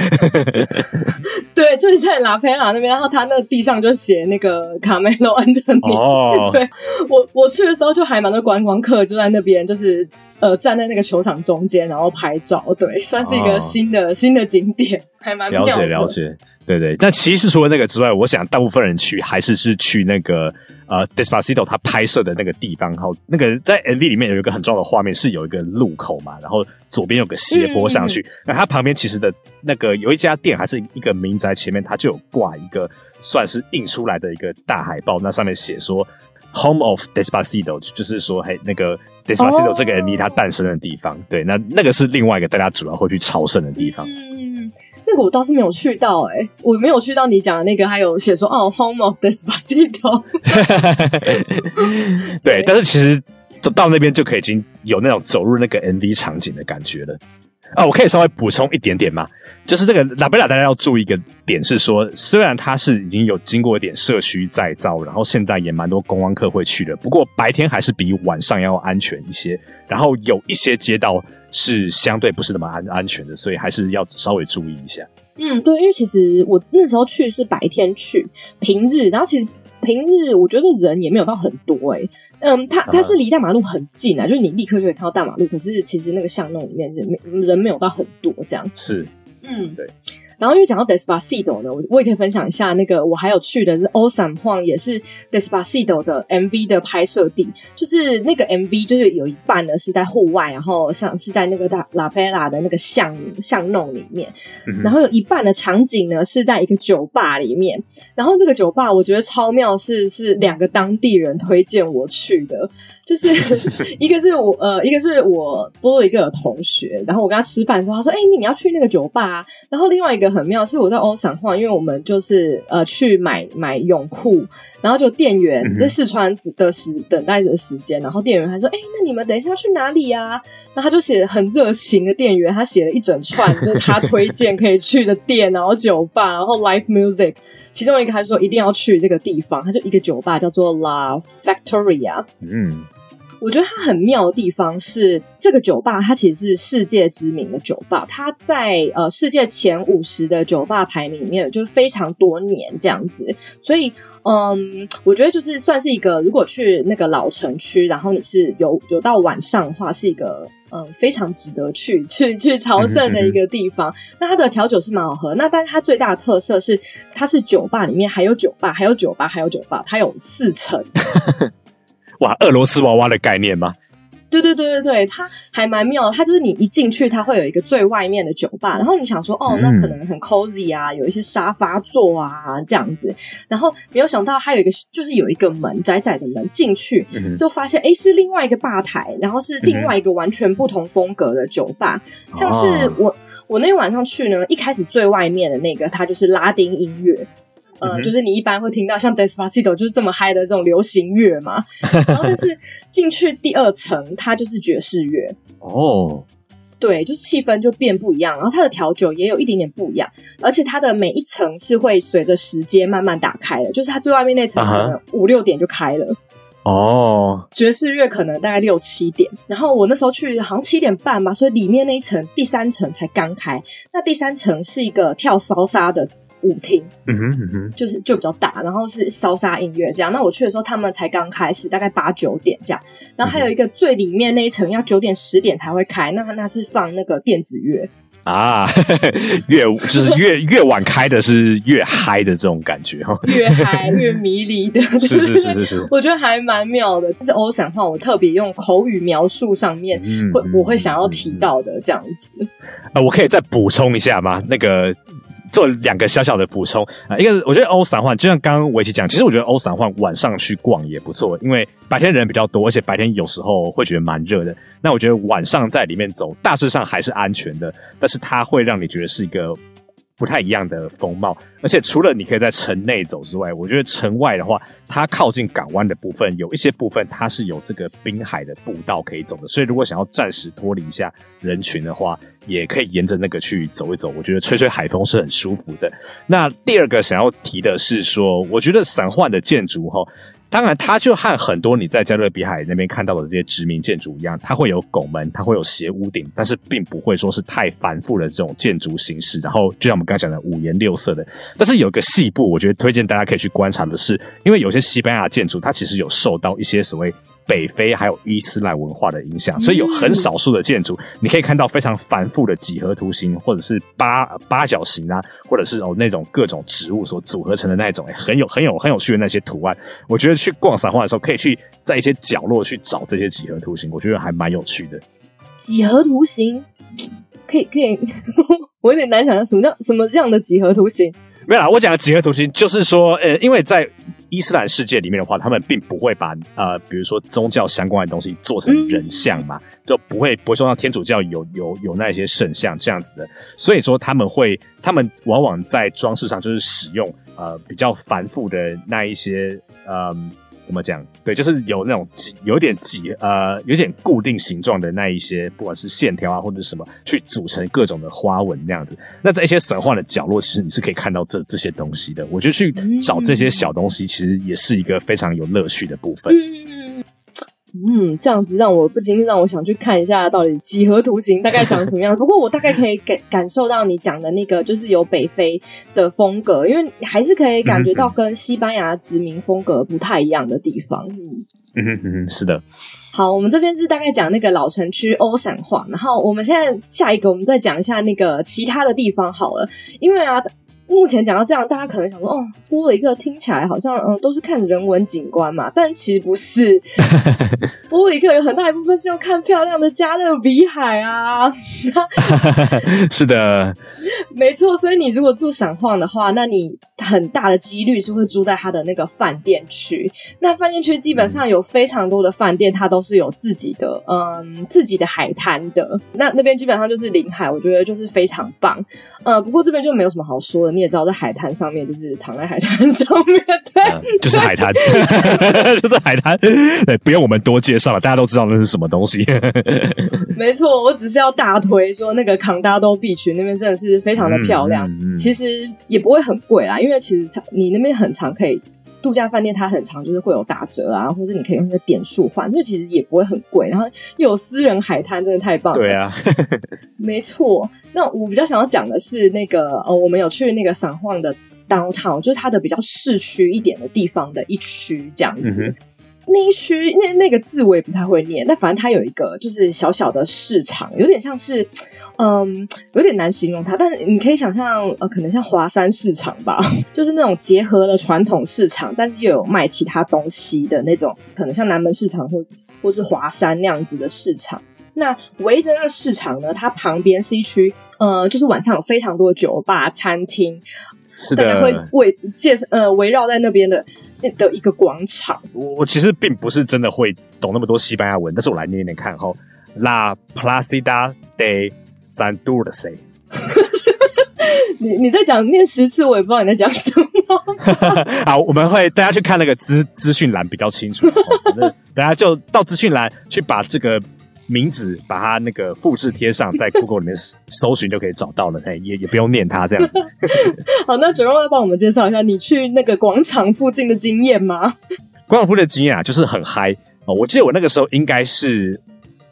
對，就是在 La Perla 那邊，然後他那地上就寫那個 Carmelo Anthony。y 對，我我去的時候就還蠻多觀光客就在那邊，就是。呃，站在那個球場中間，然後拍照，對，算是一個新的，哦、新的景點，還蠻的了解了解，對對。那其實除了那個之外，我想大部分人去還是是去那個呃，Despacito 他拍攝的那個地方。好，那個在 MV 裡面有一個很重要的畫面，是有一個路口嘛，然後左邊有個斜坡上去，嗯。那它旁邊其實的那個有一家店，還是一個民宅前面，它就有掛一個算是印出來的一個大海報，那上面寫說 Home of Despacito，就是說嘿，那個。Despacito、oh. 這個 MV 它誕生的地方，對，那那個是另外一個大家主要會去朝聖的地方。嗯，那個我倒是沒有去到，欸，誒我沒有去到你講的那個，還有寫說哦，oh，Home of Despacito。 對，但是其實走到那邊就可以已經有那種走入那個 MV 場景的感覺了。啊，我可以稍微補充一點點嗎？就是這個 La Perla，Bella, 大家要注意一個點是說，雖然它是已經有經過一點社區再造，然後現在也蠻多觀光客會去的，不過白天還是比晚上要安全一些。然後有一些街道是相對不是那麼安安全的，所以還是要稍微注意一下。嗯，對，因為其實我那時候去是白天去，平日，然後其實。平日我覺得人也沒有到很多誒、欸，嗯，它它是離大馬路很近啊,啊，就是你立刻就會看到大馬路，可是其實那個巷弄裡面是沒人沒有到很多這樣，是，嗯，對。然後又講到 Despacito 呢，我我也可以分享一下那個我還有去的是 Old San Juan，也是 Despacito 的 MV 的拍攝地，就是那個 MV 就是有一半呢是在戶外，然後像是在那個大 La Perla 的那個巷巷弄裡面，嗯，然後有一半的場景呢是在一個酒吧裡面，然後這個酒吧我覺得超妙是，是是兩個當地人推薦我去的，就是 一個是我呃一個是我波洛一個同學，然後我跟他吃飯的時候他說哎，你、欸、你要去那個酒吧，然後另外一個。很、嗯、妙，是 我在歐尚逛，因為我們就是呃去買買泳褲，然後就店員，在試穿的時等待的時間，然後店員還說：“哎、欸，那你們等一下要去哪裡呀、啊？”那他就寫很熱情的店員，他寫了一整串就是他推薦可以去的店，然後酒吧，然後 live music，其中一個還說一定要去這個地方，他就一個酒吧叫做 La Factoría。嗯。我覺得它很妙的地方是，這個酒吧它其實是世界知名的酒吧，它在呃世界前五十的酒吧排名裡面就是非常多年這樣子，所以嗯，我覺得就是算是一個，如果去那個老城區，然後你是有有到晚上的話，是一個嗯非常值得去去去朝聖的一個地方。嗯嗯嗯，那它的調酒是蠻好喝，那但是它最大的特色是，它是酒吧裡面還有酒吧，還有酒吧，還有酒吧，它有四層。 哇，俄羅斯娃娃的概念嗎？對對對對對，它還蠻妙的。它就是你一進去，它會有一個最外面的酒吧，然後你想說，哦，嗯、那可能很 cozy 啊，有一些沙發座啊這樣子。然後沒有想到，它有一個就是有一個門，窄窄的門進去，就、嗯、發現，哎、欸，是另外一個吧台，然後是另外一個完全不同風格的酒吧。嗯、像是我我那天晚上去呢，一開始最外面的那個，它就是拉丁音樂。呃、嗯，就是你一般會聽到像 Despacito 就是這麼嗨的這種流行樂嘛，然後但是進去第二層， 它就是爵士樂哦，oh. 對，就是氣氛就變不一樣，然後它的調酒也有一點點不一樣，而且它的每一層是會隨着時間慢慢打開的，就是它最外面那層可能五、uh -huh. 六點就開了哦，oh. 爵士樂可能大概六七點，然後我那時候去好像七點半吧，所以裡面那一層第三層才剛開，那第三層是一個跳騷莎的。舞廳，嗯哼嗯哼，就是就比較大，然後是騷莎音樂這樣。那我去的時候，他們才剛開始，大概八九點這樣。然後還有一個最裡面那一層，要九點十點才會開，那那是放那個電子樂啊，呵呵越就是越 越晚開的是越嗨的這種感覺、哦、越嗨越迷離的， 是是是是是， 我覺得還蠻妙的。但是歐閃話，我特別用口語描述上面，我、嗯嗯嗯嗯嗯、我會想要提到的這樣子。呃、啊，我可以再補充一下嗎？那個。做兩個小小的補充啊、呃，一個是我覺得 Old San Juan，就像剛剛薇琪講，其實我覺得 Old San Juan 晚上去逛也不錯，因為白天人比較多，而且白天有時候會覺得蠻熱的。那我覺得晚上在裡面走，大致上還是安全的，但是它會讓你覺得是一個。不太一樣的風貌，而且除了你可以在城內走之外，我覺得城外的話，它靠近港灣的部分，有一些部分它是有這個濱海的步道可以走的，所以如果想要暫時脫離一下人群的話，也可以沿着那個去走一走。我覺得吹吹海風是很舒服的。那第二個想要提的是說，我覺得 San Juan 的建築哈。當然，它就和很多你在加勒比海那邊看到的這些殖民建築一樣，它會有拱門，它會有斜屋頂，但是並不會說是太繁複的這種建築形式。然後，就像我們剛才講的，五顏六色的。但是有一個細部，我覺得推薦大家可以去觀察的是，因為有些西班牙的建築，它其實有受到一些所謂。北非還有伊斯蘭文化的影響，所以有很少數的建築，你可以看到非常繁複的幾何圖形，或者是八八角形啊，或者是有、哦、那種各種植物所組合成的那種、欸、很有很有很有趣的那些圖案。我覺得去逛 San Juan 的時候，可以去在一些角落去找這些幾何圖形，我覺得還蠻有趣的。幾何圖形可以可以，可以 我有點難想象什麼叫什麼樣的幾何圖形？沒有啦，我講的幾何圖形就是說，呃，因為在。伊斯蘭世界裡面的話，他們並不會把呃，比如說宗教相關的東西做成人像嘛，就不會不會說讓天主教有有有那些聖像這樣子的，所以說他們會，他們往往在裝飾上就是使用呃比較繁複的那一些嗯。呃怎麼講？對，就是有那種有點擠，呃，有點固定形狀的那一些，不管是線條啊，或者什麼，去組成各種的花紋那樣子。那在一些神話的角落，其實你是可以看到這這些東西的。我覺得去找這些小東西，其實也是一個非常有樂趣的部分。嗯，這樣子讓我不禁讓我想去看一下，到底幾何圖形大概長什麼樣子。 不過我大概可以感感受到你講的那個，就是有北非的風格，因為還是可以感覺到跟西班牙殖民風格不太一樣的地方。嗯嗯嗯嗯。 是的。好，我們這邊是大概講那個老城區 Old San Juan，然後我們現在下一個，我們再講一下那個其他的地方好了，因為啊。目前講到這樣，大家可能想說哦，波多黎各聽起來好像嗯都是看人文景觀嘛，但其實不是，波多黎各有很大一部分是要看漂亮的加勒比海啊。 是的，沒錯。所以你如果住 San Juan 的話，那你很大的幾率是會住在他的那個飯店區。那飯店區基本上有非常多的飯店，它都是有自己的嗯自己的海灘的。那那邊基本上就是臨海，我覺得就是非常棒。呃，不過這邊就沒有什麼好說的。你也知道，在海灘上面就是躺在海灘上面，對，就是海灘，就是海灘， 對，不用我們多介紹了，大家都知道那是什麼東西。 沒錯，我只是要大推說那個 Condado Beach 那邊真的是非常的漂亮，嗯，其實也不會很貴啦，因為其實長你那邊很長可以。度假飯店它很常，就是會有打折啊，或是你可以用那個點數換，就其實也不會很貴。然後又有私人海灘，真的太棒了。對啊， 沒錯。那我比較想要講的是那個呃、哦，我們有去那個 San Juan 的 downtown，就是它的比較市區一點的地方的一區這樣子。嗯、那一區那那個字我也不太會念，但反正它有一個就是小小的市場，有點像是。嗯，有點難形容它，但是你可以想象，呃，可能像華山市場吧，就是那種結合了傳統市場，但是又有賣其他東西的那種，可能像南門市場或、或是華山那樣子的市場。那圍着那個市場呢，它旁邊是一區，呃，就是晚上有非常多的酒吧、餐廳，是的，大家會圍建呃圍繞在那邊的的一個廣場。我我其實並不是真的會懂那麼多西班牙文，但是我來念念看齁，La Plaza de 三度的誰 你你在講念十次，我也不知道你在講什麼。 好，我們會大家去看那個資資訊欄比較清楚，反 正、喔、大家就到資訊欄去把這個名字把它那個複製貼上，在 Google 裡面搜尋就可以找到了。哎、 欸，也也不用念它這樣子。 好，那 Jerome 要幫我們介紹一下你去那個廣場附近的經驗嗎？廣 場附近的經驗、啊、就是很嗨啊、喔！我記得我那個時候應該是。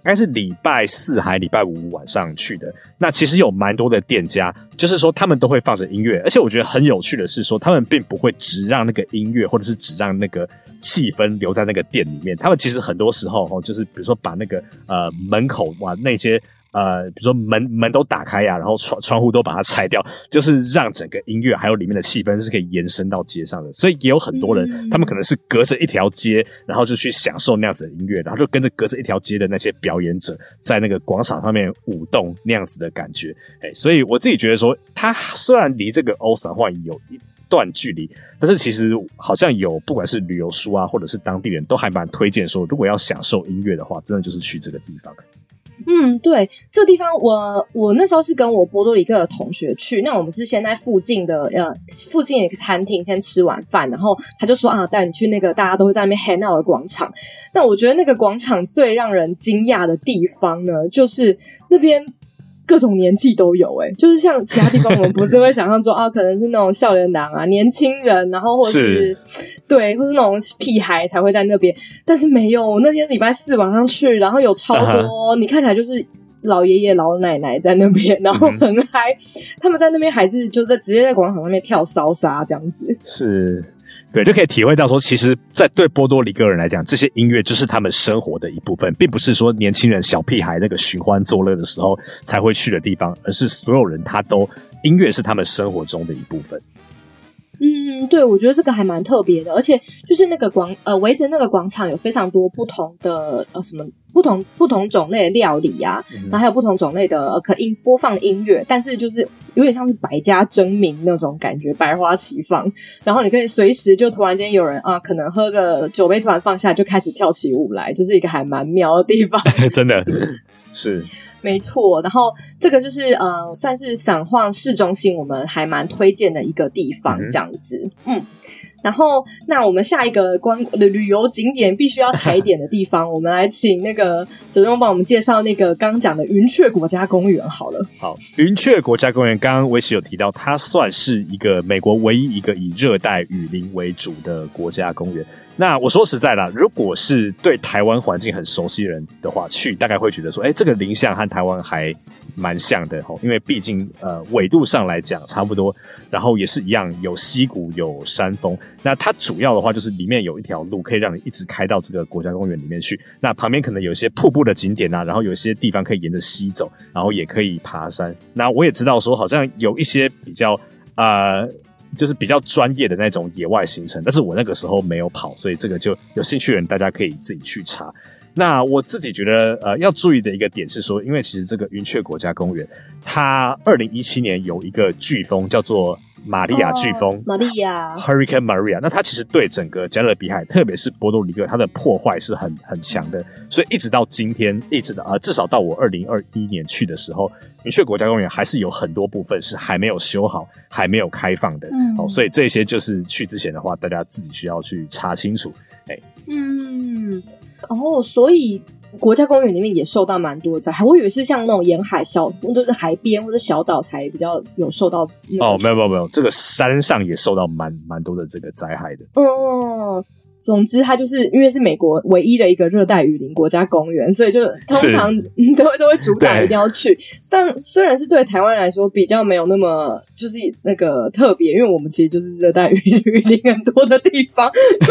應該是禮拜四還禮拜五,五晚上去的，那其實有蠻多的店家，就是說他們都會放着音樂，而且我覺得很有趣的是說，他們並不會只讓那個音樂，或者是只讓那個氣氛留在那個店裡面，他們其實很多時候哦，就是比如說把那個呃門口啊那些。呃，比如說門門都打開呀、啊，然後窗窗戶都把它拆掉，就是讓整個音樂還有裡面的氣氛，是可以延伸到街上的。所以也有很多人、嗯，他們可能是隔着一條街，然後就去享受那樣子的音樂，然後就跟着隔着一條街的那些表演者，在那個廣場上面舞動那樣子的感覺。哎，所以我自己覺得說，它雖然離這個 Old San Juan 有一段距離，但是其實好像有，不管是旅遊書啊，或者是當地人都還蠻推薦說，如果要享受音樂的話，真的就是去這個地方。嗯，對，這地方我，我我那時候是跟我波多黎各同學去，那我們是先在附近的呃附近一個餐廳先吃完飯，然後他就說啊，帶你去那個大家都會在那邊 hang out 的廣場。那我覺得那個廣場最讓人驚訝的地方呢，就是那邊。各種年紀都有誒、欸、就是像其他地方，我們不是會想象說 啊，可能是那種校園男啊，年輕人，然後或是，是對，或是那種屁孩才會在那邊，但是沒有。那天禮拜四晚上去，然後有超多，uh -huh. 你看起來就是老爺爺老奶奶在那邊，然後很嗨、mm，-hmm. 他們在那邊還是就在直接在廣場上面跳騷莎這樣子，是。對，就可以體會到說，其實，在對波多黎各人來講，這些音樂就是他們生活的一部分，並不是說年輕人小屁孩那個尋歡作樂的時候才會去的地方，而是所有人他都音樂是他們生活中的一部分。嗯，對，我覺得這個還蠻特別的，而且就是那個廣，呃，圍着那個廣場有非常多不同的，呃，什麼。不同不同種類的料理呀、啊嗯，然後還有不同種類的、呃、可音播放音樂，但是就是有點像是百家爭鳴那種感覺，百花齊放。然後你可以隨時就突然間有人啊，可能喝個酒杯突然放下就開始跳起舞來，就是一個還蠻妙的地方。 真的 是，沒錯。然後這個就是嗯、呃，算是 San Juan 市中心，我們還蠻推薦的一個地方，嗯、這樣子。嗯。然後，那我們下一個觀旅遊景點必須要踩點的地方， 我們來請那個澤東幫我們介紹那個剛剛講的雲雀國家公園好了。好，雲雀國家公園，剛剛薇琪有提到，它算是一個美國唯一一個以熱帶雨林為主的國家公園。那我說實在啦，如果是對台灣環境很熟悉的人的話，去大概會覺得說，哎、欸，這個林相和台灣還蠻像的吼，因為畢竟呃緯度上來講差不多，然後也是一樣有溪谷、有山峰。那它主要的話就是裡面有一條路可以讓你一直開到這個國家公園裡面去。那旁邊可能有一些瀑布的景點啊，然後有一些地方可以沿着溪走，然後也可以爬山。那我也知道說，好像有一些比較啊。呃就是比較專業的那種野外行程，但是我那個時候沒有跑，所以這個就有興趣的人大家可以自己去查。那我自己覺得，呃，要注意的一個點是說，因為其實這個雲雀國家公園，它二零一七年有一個颶風叫做。瑪莉亞颶風，瑪莉亞 Hurricane Maria，那它其實對整個加勒比海，特別是波多黎各，它的破壞是很很強的。所以一直到今天，一直到啊、呃，至少到我二零二一年去的時候，雲雀國家公園還是有很多部分是還沒有修好，還沒有開放的。嗯，好、哦，所以這些就是去之前的話，大家自己需要去查清楚。哎、欸，嗯，哦、oh,，所以。國家公園裡面也受到蠻多的災害，我以為是像那種沿海小，就是海邊或者小島才比較有受到。哦，沒有沒有沒有，這個山上也受到蠻蠻多的這個災害的。嗯、哦。總之，它就是因為是美國唯一的一個熱帶雨林國家公園，所以就通常、嗯、都都會主打一定要去。但雖然是對台灣來說比較沒有那麼就是那個特別，因為我們其實就是熱帶雨，雨林很多的地方。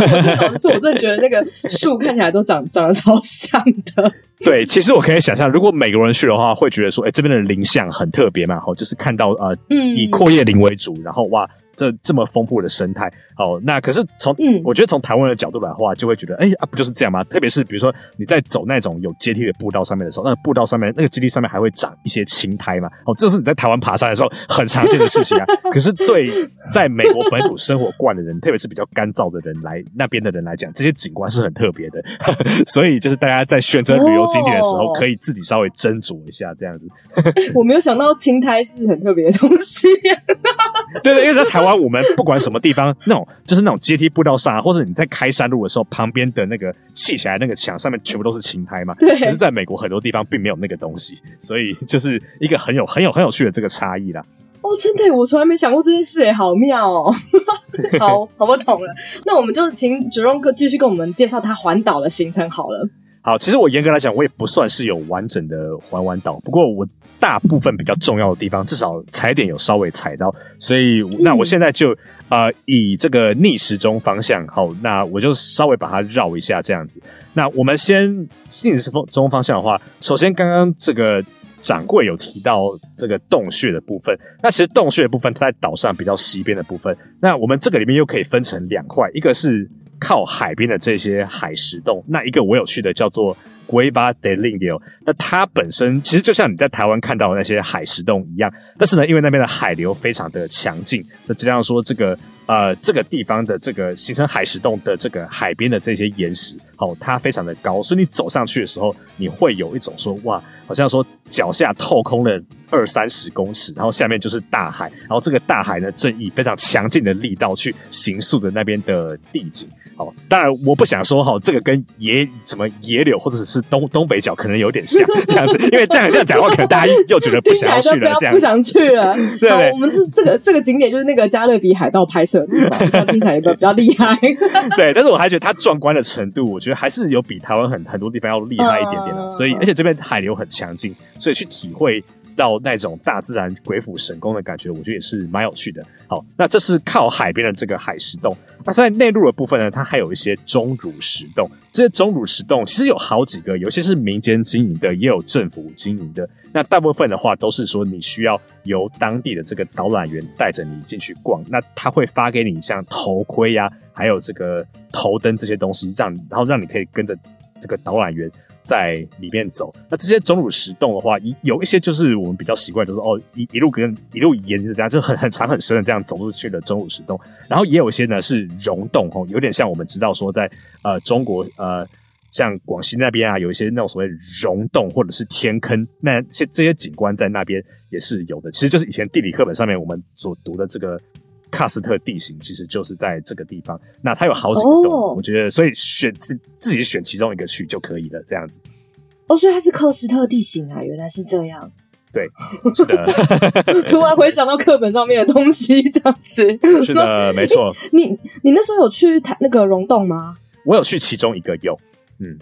所以我就老實說，我真的覺得那個樹看起來都長長得超像的。對，其實我可以想象，如果美國人去的話，會覺得說，哎、欸，這邊的林相很特別嘛，吼，就是看到呃，嗯、以闊葉林為主，然後哇。這這麼豐富的生態，好、哦，那可是從、嗯、我覺得從台灣的角度來的話，就會覺得哎啊，不就是這樣嗎？特別是比如說你在走那種有階梯的步道上面的時候，那個步道上面那個階梯上面還會長一些青苔嘛。哦，這是你在台灣爬山的時候很常見的事情啊。 可是對在美國本土生活慣的人， 特別是比較乾燥的人來那邊的人來講，這些景觀是很特別的。呵呵，所以就是大家在選擇旅遊景點的時候，Oh. 可以自己稍微斟酌一下這樣子呵呵。我沒有想到青苔是很特別的東西、啊。 對對，因為在台灣，我們不管什麼地方，那種就是那種階梯步道上、啊，或者你在開山路的時候，旁邊的那個砌起來那個牆上面，全部都是青苔嘛。對，可是在美國很多地方並沒有那個東西，所以就是一個很有、很有、很有趣的這個差異啦。哦，真的，我從來沒想過這件事，也好妙，哦。 好，好不懂了。那我們就請 Jerome 哥繼續跟我們介紹他環島的行程好了。好，其實我嚴格來講，我也不算是有完整的環灣島，不過我大部分比較重要的地方，至少踩點有稍微踩到，所以、嗯、那我現在就啊、呃，以這個逆時鐘方向，好，那我就稍微把它繞一下這樣子。那我們先逆時風鐘方向的話，首先剛剛這個掌櫃有提到這個洞穴的部分，那其實洞穴的部分它在島上比較西邊的部分，那我們這個裡面又可以分成兩塊，一個是。靠海邊的這些海石洞，那一個我有去的叫做 Guayba del i n a n 那它本身其實就像你在台灣看到的那些海石洞一樣，但是呢，因為那邊的海流非常的強勁，那就像說這個呃這個地方的這個形成海石洞的這個海邊的這些岩石，好、哦，它非常的高，所以你走上去的時候，你會有一種說哇，好像說腳下透空了二三十公尺，然後下面就是大海，然後這個大海呢正以非常強勁的力道去行塑的那邊的地景。好，當然我不想說哈，這個跟野什麼野柳，或者是東東北角可能有點像這樣子，因為這樣這樣講話，可能大家又覺得不想要去了，不要不想去了，這樣不想去了。對，對，我們這這個這個景點就是那個加勒比海盜拍攝的地方，加勒比比較比較厲害。 對，但是我還覺得它壯觀的程度，我覺得還是有比台灣很很多地方要厲害一點點的啊。所以，而且這邊海流很強勁，所以去體會。到那種大自然鬼斧神工的感覺，我覺得也是蠻有趣的。好，那這是靠海邊的這個海蝕洞。那在內陸的部分呢，它還有一些鐘乳石洞。這些鐘乳石洞其實有好幾個，尤其是民間經營的，也有政府經營的。那大部分的話，都是說你需要由當地的這個導覽員帶着你進去逛。那他會發給你像頭盔呀、啊，還有這個頭燈這些東西，讓然後讓你可以跟着這個導覽員。在裡面走，那這些鐘乳石洞的話，一有一些就是我們比較習慣的說，哦，一一路跟一路沿着這樣，就很很長很深的這樣走出去的鐘乳石洞，然後也有一些呢是溶洞，吼、哦，有點像我們知道說在呃中國呃像廣西那邊啊，有一些那種所謂溶洞或者是天坑，那些這些景觀在那邊也是有的，其實就是以前地理課本上面我們所讀的這個。喀斯特地形其實就是在這個地方，那它有好幾個、哦、我覺得所以選自自己選其中一個去就可以了，這樣子。哦，所以它是喀斯特地形啊，原來是這樣。對，是的 突然回想到課本上面的東西，這樣子是的， 沒錯。你你那時候有去那個溶洞嗎？我有去其中一個有。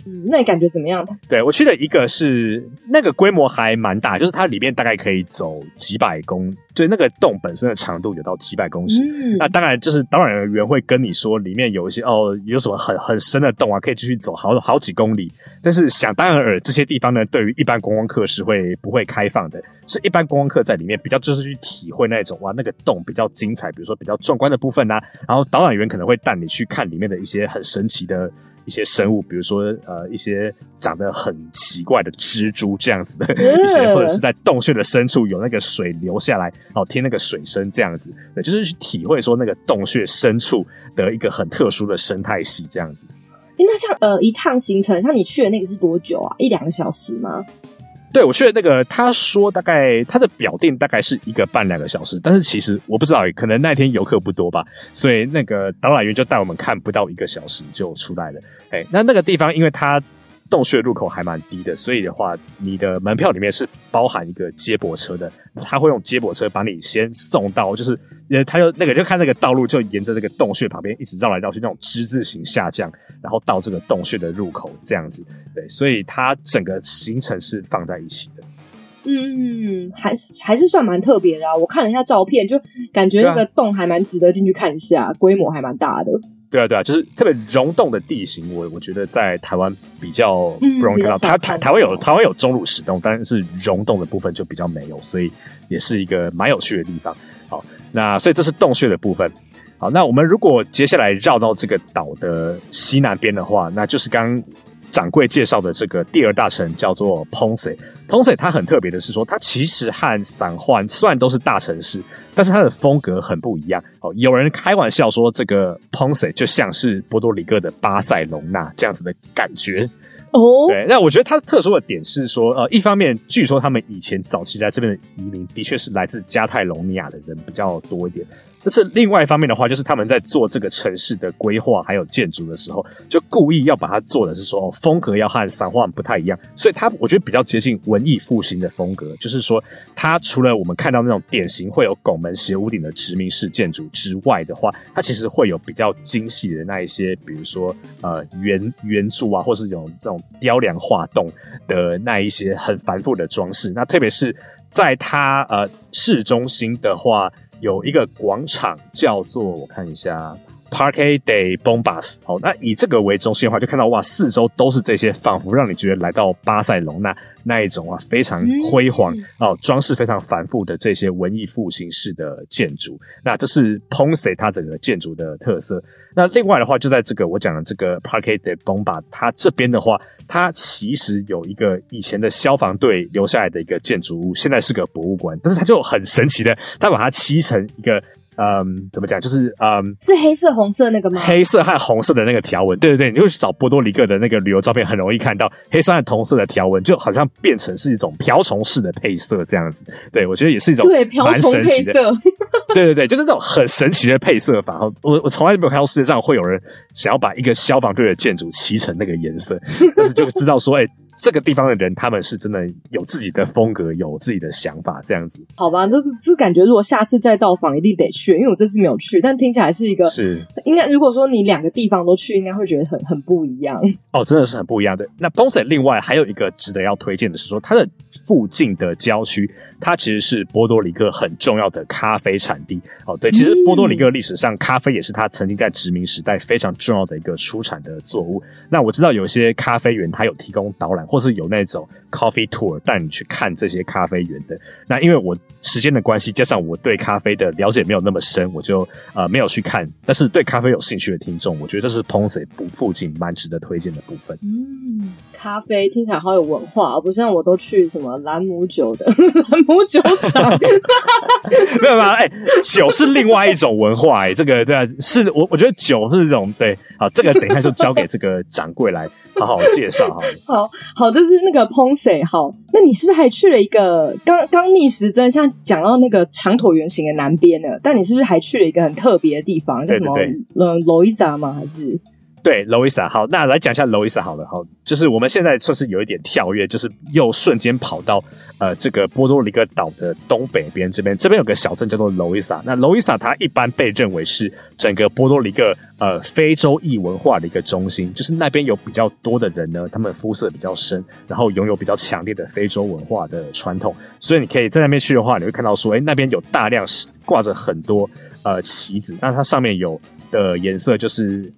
嗯，那你感覺怎麼樣的？對，我去的一個是那個規模還蠻大，就是它裡面大概可以走幾百公，就是那個洞本身的長度有到幾百公尺，嗯。那當然就是導覽員會跟你說裡面有一些哦，有什麼很很深的洞啊，可以繼續走好好幾公里。但是想當然耳，這些地方呢，對於一般觀光客是會不會開放的？所以一般觀光客在裡面比較就是去體會那種哇，那個洞比較精彩，比如說比較壯觀的部分吶，啊。然後導覽員可能會帶你去看裡面的一些很神奇的。一些生物，比如說呃，一些長得很奇怪的蜘蛛這樣子的。對對對對，一些，或者是在洞穴的深處有那個水流下來，哦，聽那個水聲這樣子，對，就是去體會說那個洞穴深處的一個很特殊的生態系這樣子。欸，那像呃一趟行程，像你去的那個是多久啊？一兩個小時嗎？對，我去了那個，他說大概他的表定大概是一個半兩個小時，但是其實我不知道，可能那天遊客不多吧，所以那個導覽員就帶我們看不到一個小時就出來了。哎，那那個地方，因為他。洞穴入口還蠻低的，所以的話，你的門票裡面是包含一個接駁車的。他會用接駁車把你先送到，就是呃，他就那個就看那個道路，就沿着這個洞穴旁邊一直繞來繞去，那種之字形下降，然後到這個洞穴的入口這樣子。對，所以它整個行程是放在一起的。嗯嗯嗯，還還是算蠻特別的啊，我看了一下照片，就感覺那個洞還蠻值得進去看一下，規模還蠻大的。對啊，對啊，就是特別溶洞的地形，我我覺得在台灣比較不容易看到。嗯、台台台灣有台灣有鐘乳石洞，但是溶洞的部分就比較沒有，所以也是一個蠻有趣的地方。好，那所以這是洞穴的部分。好，那我們如果接下來繞到這個島的西南邊的話，那就是剛掌櫃介紹的這個第二大城叫做 Ponce，Ponce 它很特別的是說，它其實和 San Juan 雖然都是大城市，但是它的風格很不一樣哦。有人開玩笑說，這個 Ponce 就像是波多黎各的巴塞隆納這樣子的感覺哦。Oh? 對，那我覺得它特殊的點是說，呃，一方面據說他們以前早期在這邊的移民的確是來自加泰隆尼亞的人比較多一點。但是另外一方面的話，就是他們在做這個城市的規劃還有建築的時候，就故意要把它做的是說風格要和 San Juan 不太一樣，所以它我覺得比較接近文藝復興的風格。就是說，它除了我們看到那種典型會有拱門、斜屋頂的殖民式建築之外的話，它其實會有比較精細的那一些，比如說呃圓圓柱啊，或是有那種雕梁畫棟的那一些很繁複的裝飾。那特別是在它呃市中心的話。有一個廣場叫做，我看一下，Parque de Bombas，哦。好，那以這個為中心的話，就看到哇，四周都是這些，仿佛讓你覺得來到巴塞隆那那一種啊，非常輝煌哦，裝飾非常繁複的這些文藝復興式的建築。那這是 Ponce 它整個建築的特色。那另外的話，就在這個我講的這個 Parque de Bombas，它這邊的話，它其實有一個以前的消防隊留下來的一個建築物，現在是個博物館，但是它就很神奇的，它把它漆成一個。嗯，怎麼講？就是嗯，是黑色、紅色那個嗎？黑色和紅色的那個條紋，對對對，你就會去找波多黎各的那個旅遊照片，很容易看到黑色和紅色的條紋，就好像變成是一種瓢蟲式的配色這樣子。對，我覺得也是一種。對，瓢蟲配色。對對對，就是這種很神奇的配色吧。然後我我從來沒有看到世界上會有人想要把一個消防隊的建築漆成那個顏色，但是就知道說，哎、欸。這個地方的人，他們是真的有自己的風格，有自己的想法，這樣子。好吧，就是就感覺，如果下次再造訪，一定得去，因為我這次沒有去。但聽起來是一個是應該，如果說你兩個地方都去，應該會覺得很很不一樣。哦，真的是很不一樣的。那 Ponce，另外還有一個值得要推薦的是說，說它的附近的郊區，它其實是波多黎各很重要的咖啡產地。哦，對，其實波多黎各歷史上、嗯、咖啡也是它曾經在殖民時代非常重要的一個出產的作物。那我知道有些咖啡園，它有提供導覽。或是有那種 coffee tour 帶你去看這些咖啡園的，那因為我時間的關係，加上我對咖啡的了解沒有那麼深，我就呃沒有去看。但是對咖啡有興趣的聽眾，我覺得這是 Ponce 附近蠻值得推薦的部分。嗯，咖啡聽起來好有文化，不像我都去什麼蘭姆酒的蘭姆酒廠。 沒有沒有，哎、欸，酒是另外一種文化哎、欸，這個對啊，是我我覺得酒是一種對，好，這個等一下就交給這個掌櫃來好好介紹好好。好，這是那個 Ponce。好，那你是不是還去了一個剛剛逆時針，像講到那個長橢圓形的南邊呢？但你是不是還去了一個很特別的地方，叫什麼？嗯，Loíza 嗎？還是？對，Loíza，好，那來講一下 Loíza 好了，好，就是我們現在算是有一點跳躍，就是又瞬間跑到呃這個波多黎各島的東北邊這邊，這邊有個小鎮叫做 Loíza。那 Loíza 它一般被認為是整個波多黎各呃非洲裔文化的一個中心，就是那邊有比較多的人呢，他們膚色比較深，然後擁有比較強烈的非洲文化的傳統，所以你可以在那邊去的話，你會看到說，誒那邊有大量掛着很多呃旗子，那它上面有的顏色就是。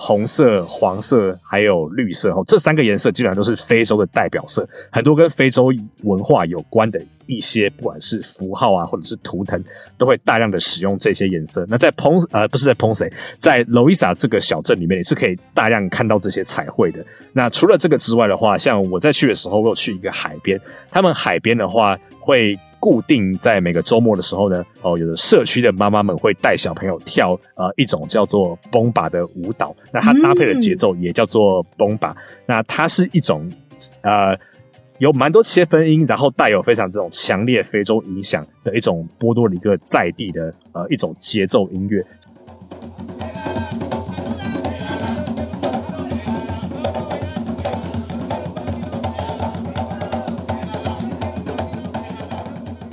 紅色、黃色還有綠色，哦，這三個顏色基本上都是非洲的代表色。很多跟非洲文化有關的一些，不管是符號啊，或者是圖騰，都會大量的使用這些顏色。那在彭呃，不是在彭塞，在羅伊 a 這個小鎮裡面，也是可以大量看到這些彩繪的。那除了這個之外的話，像我在去的時候，我有去一個海邊，他們海邊的話會。固定在每個周末的時候呢，哦，有的社區的媽媽們會帶小朋友跳呃一種叫做 Bomba 的舞蹈，那它搭配的節奏也叫做 Bomba、嗯，那它是一種呃有蠻多切分音，然後帶有非常這種強烈非洲影響的一種波多黎各在地的呃一種節奏音樂。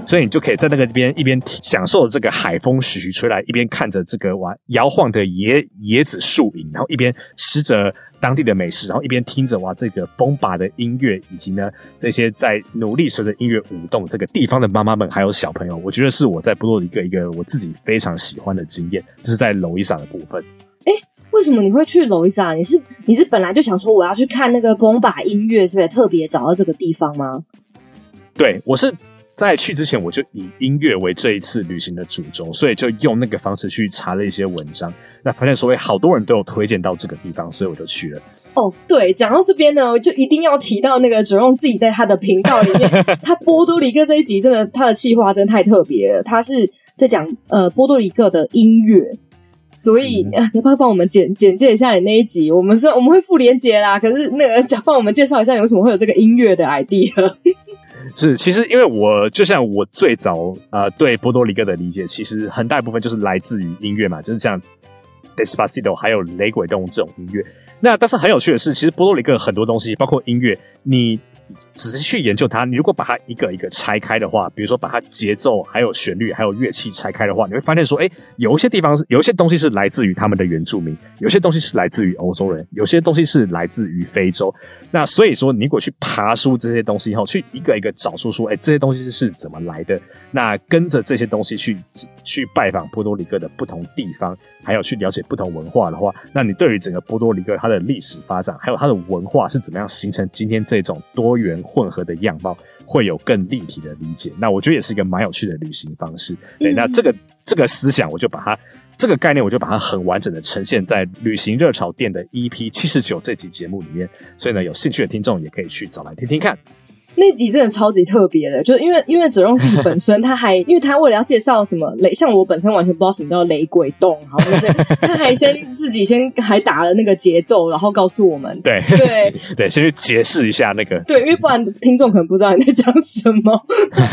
所以你就可以在那個邊一邊享受這個海風徐徐吹來，一邊看着這個玩搖晃的椰椰子樹影，然後一邊吃着當地的美食，然後一邊聽着哇這個 Bomba 的音樂，以及呢這些在努力隨着音樂舞動這個地方的媽媽們還有小朋友，我覺得是我在部落的一個一個我自己非常喜歡的經驗，這、就是在 Loíza 的部分。哎、欸，為什麼你會去 Loíza？你是你是本來就想說我要去看那個 Bomba 音樂，所以特別找到這個地方嗎？對，我是。在去之前，我就以音樂為這一次旅行的主軸，所以就用那個方式去查了一些文章，那發現所謂好多人都有推薦到這個地方，所以我就去了。哦，對，講到這邊呢，我就一定要提到那個 Jerome 自己在他的頻道裡面， 他波多黎各這一集真的他的企劃真的太特別了，他是在講呃波多黎各的音樂，所以、嗯啊、要不要幫我們簡簡介一下你那一集？我們說我們會附連結啦，可是那個，講幫我們介紹一下，你為什麼會有這個音樂的 idea？是，其實因為我就像我最早呃對波多黎各的理解，其實很大一部分就是來自於音樂嘛，就是像《Despacito》還有《雷鬼動》這種音樂。那但是很有趣的是，其實波多黎各很多東西，包括音樂，你。只是去研究它，你如果把它一個一個拆開的話，比如說把它節奏、還有旋律、還有樂器拆開的話，你會發現說，哎，有一些地方是，有一些東西是來自於他們的原住民，有些東西是來自於歐洲人，有些東西是來自於非洲。那所以說，你如果去爬梳這些東西後，去一個一個找出說，哎，這些東西是怎麼來的？那跟着這些東西去去拜訪波多黎各的不同地方。還有去了解不同文化的話，那你對於整個波多黎各它的歷史發展，還有它的文化是怎麼樣形成今天這種多元混合的樣貌，會有更立體的理解。那我覺得也是一個蠻有趣的旅行方式。對，那這個這個思想，我就把它這個概念，我就把它很完整的呈現在《旅行熱炒店》的 EP 七十九這集節目裡面。所以呢，有興趣的聽眾也可以去找來聽聽看。那集真的超級特別的，就是因為因為 Jerome 自己本身，他還因為他為了要介紹什麼雷，像我本身完全不知道什麼叫雷鬼動，然後他還先自己先還打了那個節奏，然後告訴我們，對對對，先去解釋一下那個，對，因為不然聽眾可能不知道你在講什麼。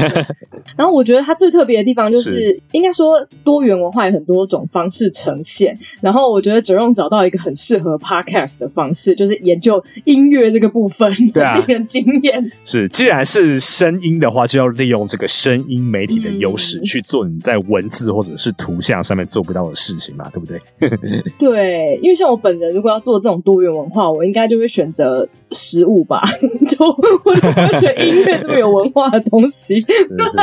然後我覺得他最特別的地方就是，是應該說多元文化有很多種方式呈現，然後我覺得 Jerome 找到一個很適合 podcast 的方式，就是研究音樂這個部分，對啊，令人驚豔是。既然是聲音的話，就要利用這個聲音媒體的優勢去做你在文字或者是圖像上面做不到的事情嘛、嗯，對不對？對，因為像我本人如果要做這種多元文化，我應該就會選擇食物吧， 就我就會選音樂這麼有文化的東西，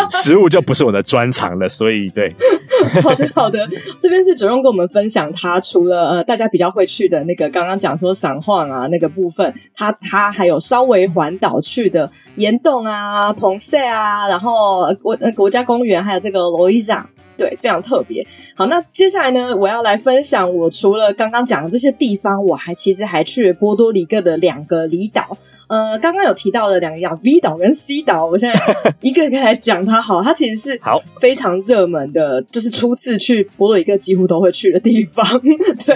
食 物就不是我的專長了，所以對。 好的，好的，這邊是 Jerome 跟我們分享他，他除了、呃、大家比較會去的那個剛剛講說 San Juan 啊，那個部分，他他還有稍微環島去的。岩洞啊，龐塞啊，然後國、呃、國家公園，還有這個羅伊薩。對，非常特別。好，那接下來呢，我要來分享我除了剛剛講的這些地方，我還其實還去了波多黎各的兩個離島。呃，剛剛有提到的兩個島 V 島跟 C 島，我現在一個一個來講它。好，它其實是好非常熱門的，就是初次去波多黎各幾乎都會去的地方。 對，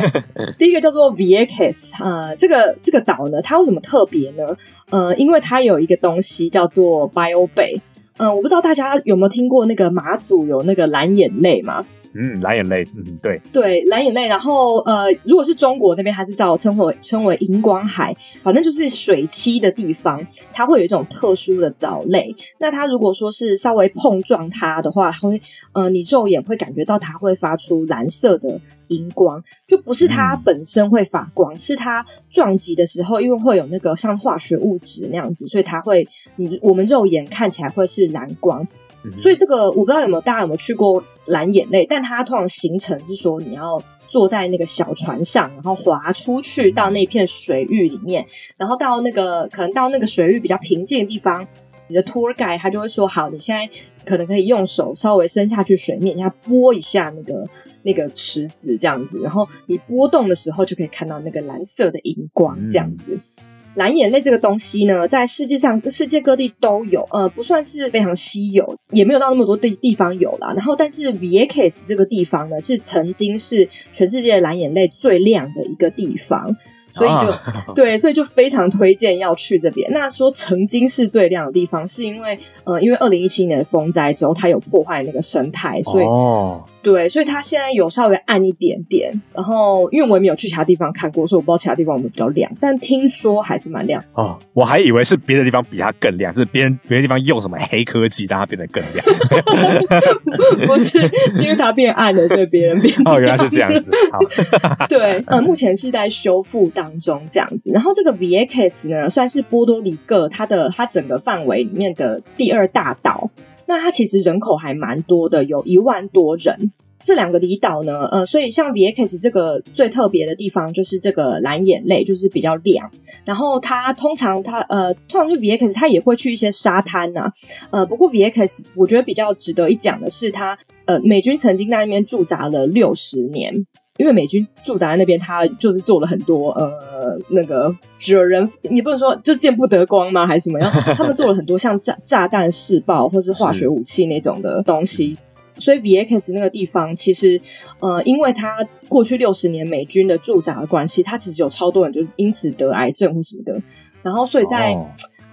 第一個叫做 Vieques。呃，這個這個島呢，它有什麼特別呢？呃，因為它有一個東西叫做 Bio Bay。嗯，我不知道大家有沒有聽過那個馬祖有那個藍眼淚嗎？嗯，藍眼淚，嗯，對對，藍眼淚。然後呃，如果是中國那邊，還是叫我稱為稱為熒光海，反正就是水漆的地方，它會有一種特殊的藻類。那它如果說是稍微碰撞它的話，會呃，你肉眼會感覺到它會發出藍色的熒光，就不是它本身會發光。嗯，是它撞擊的時候，因為會有那個像化學物質那樣子，所以它會你我們肉眼看起來會是藍光。嗯，所以這個我不知道有沒有大家有沒有去過？藍眼淚，但它通常行程是說，你要坐在那個小船上，然後滑出去到那片水域裡面，然後到那個可能到那個水域比較平靜的地方，你的 tour guide 他就會說好，你現在可能可以用手稍微伸下去水面，要撥一下那個那個池子，這樣子，然後你撥動的時候就可以看到那個藍色的熒光這樣子。嗯藍眼淚這個東西呢，在世界上世界各地都有，呃，不算是非常稀有，也沒有到那麼多地地方有啦。然後，但是 Vieques 這個地方呢，是曾經是全世界藍眼淚最亮的一個地方，所以就、oh. 對，所以就非常推薦要去這邊。那說曾經是最亮的地方，是因為呃，因為二零一七年的風災之後，它有破壞那個生態，所以。Oh. 對，所以它現在有稍微暗一點點。然後，因為我也沒有去其他地方看過，所以我不知道其他地方有沒有比較亮。但聽說還是蠻亮哦，我還以為是別的地方比它更亮，是別人別的地方用什麼黑科技讓它變得更亮。 不是，是因為它變暗了，所以別人變。哦，原來是這樣子。好 對，呃目前是在修復當中這樣子。然後這個 Vieques 呢，算是波多黎各它的它整個範圍裡面的第二大島。那它其實人口還蠻多的，有一萬多人。這兩個離島呢，呃，所以像 Vieques 這個最特別的地方就是這個藍眼淚就是比較亮。然後它通常它呃，通常去 Vieques 它也會去一些沙灘吶、啊。呃，不過 Vieques 我覺得比較值得一講的是它，呃，美軍曾經在那邊駐紮了六十年。因為美軍駐紮在那邊，他就是做了很多呃，那個惹人你不能說就見不得光嗎，還是什麼樣？他們做了很多像炸炸彈試爆或是化學武器那種的東西，所以 VX 那個地方其實呃，因為他過去六十年美軍的駐紮的關係，他其實有超多人就因此得癌症或什麼的。然後所以在、哦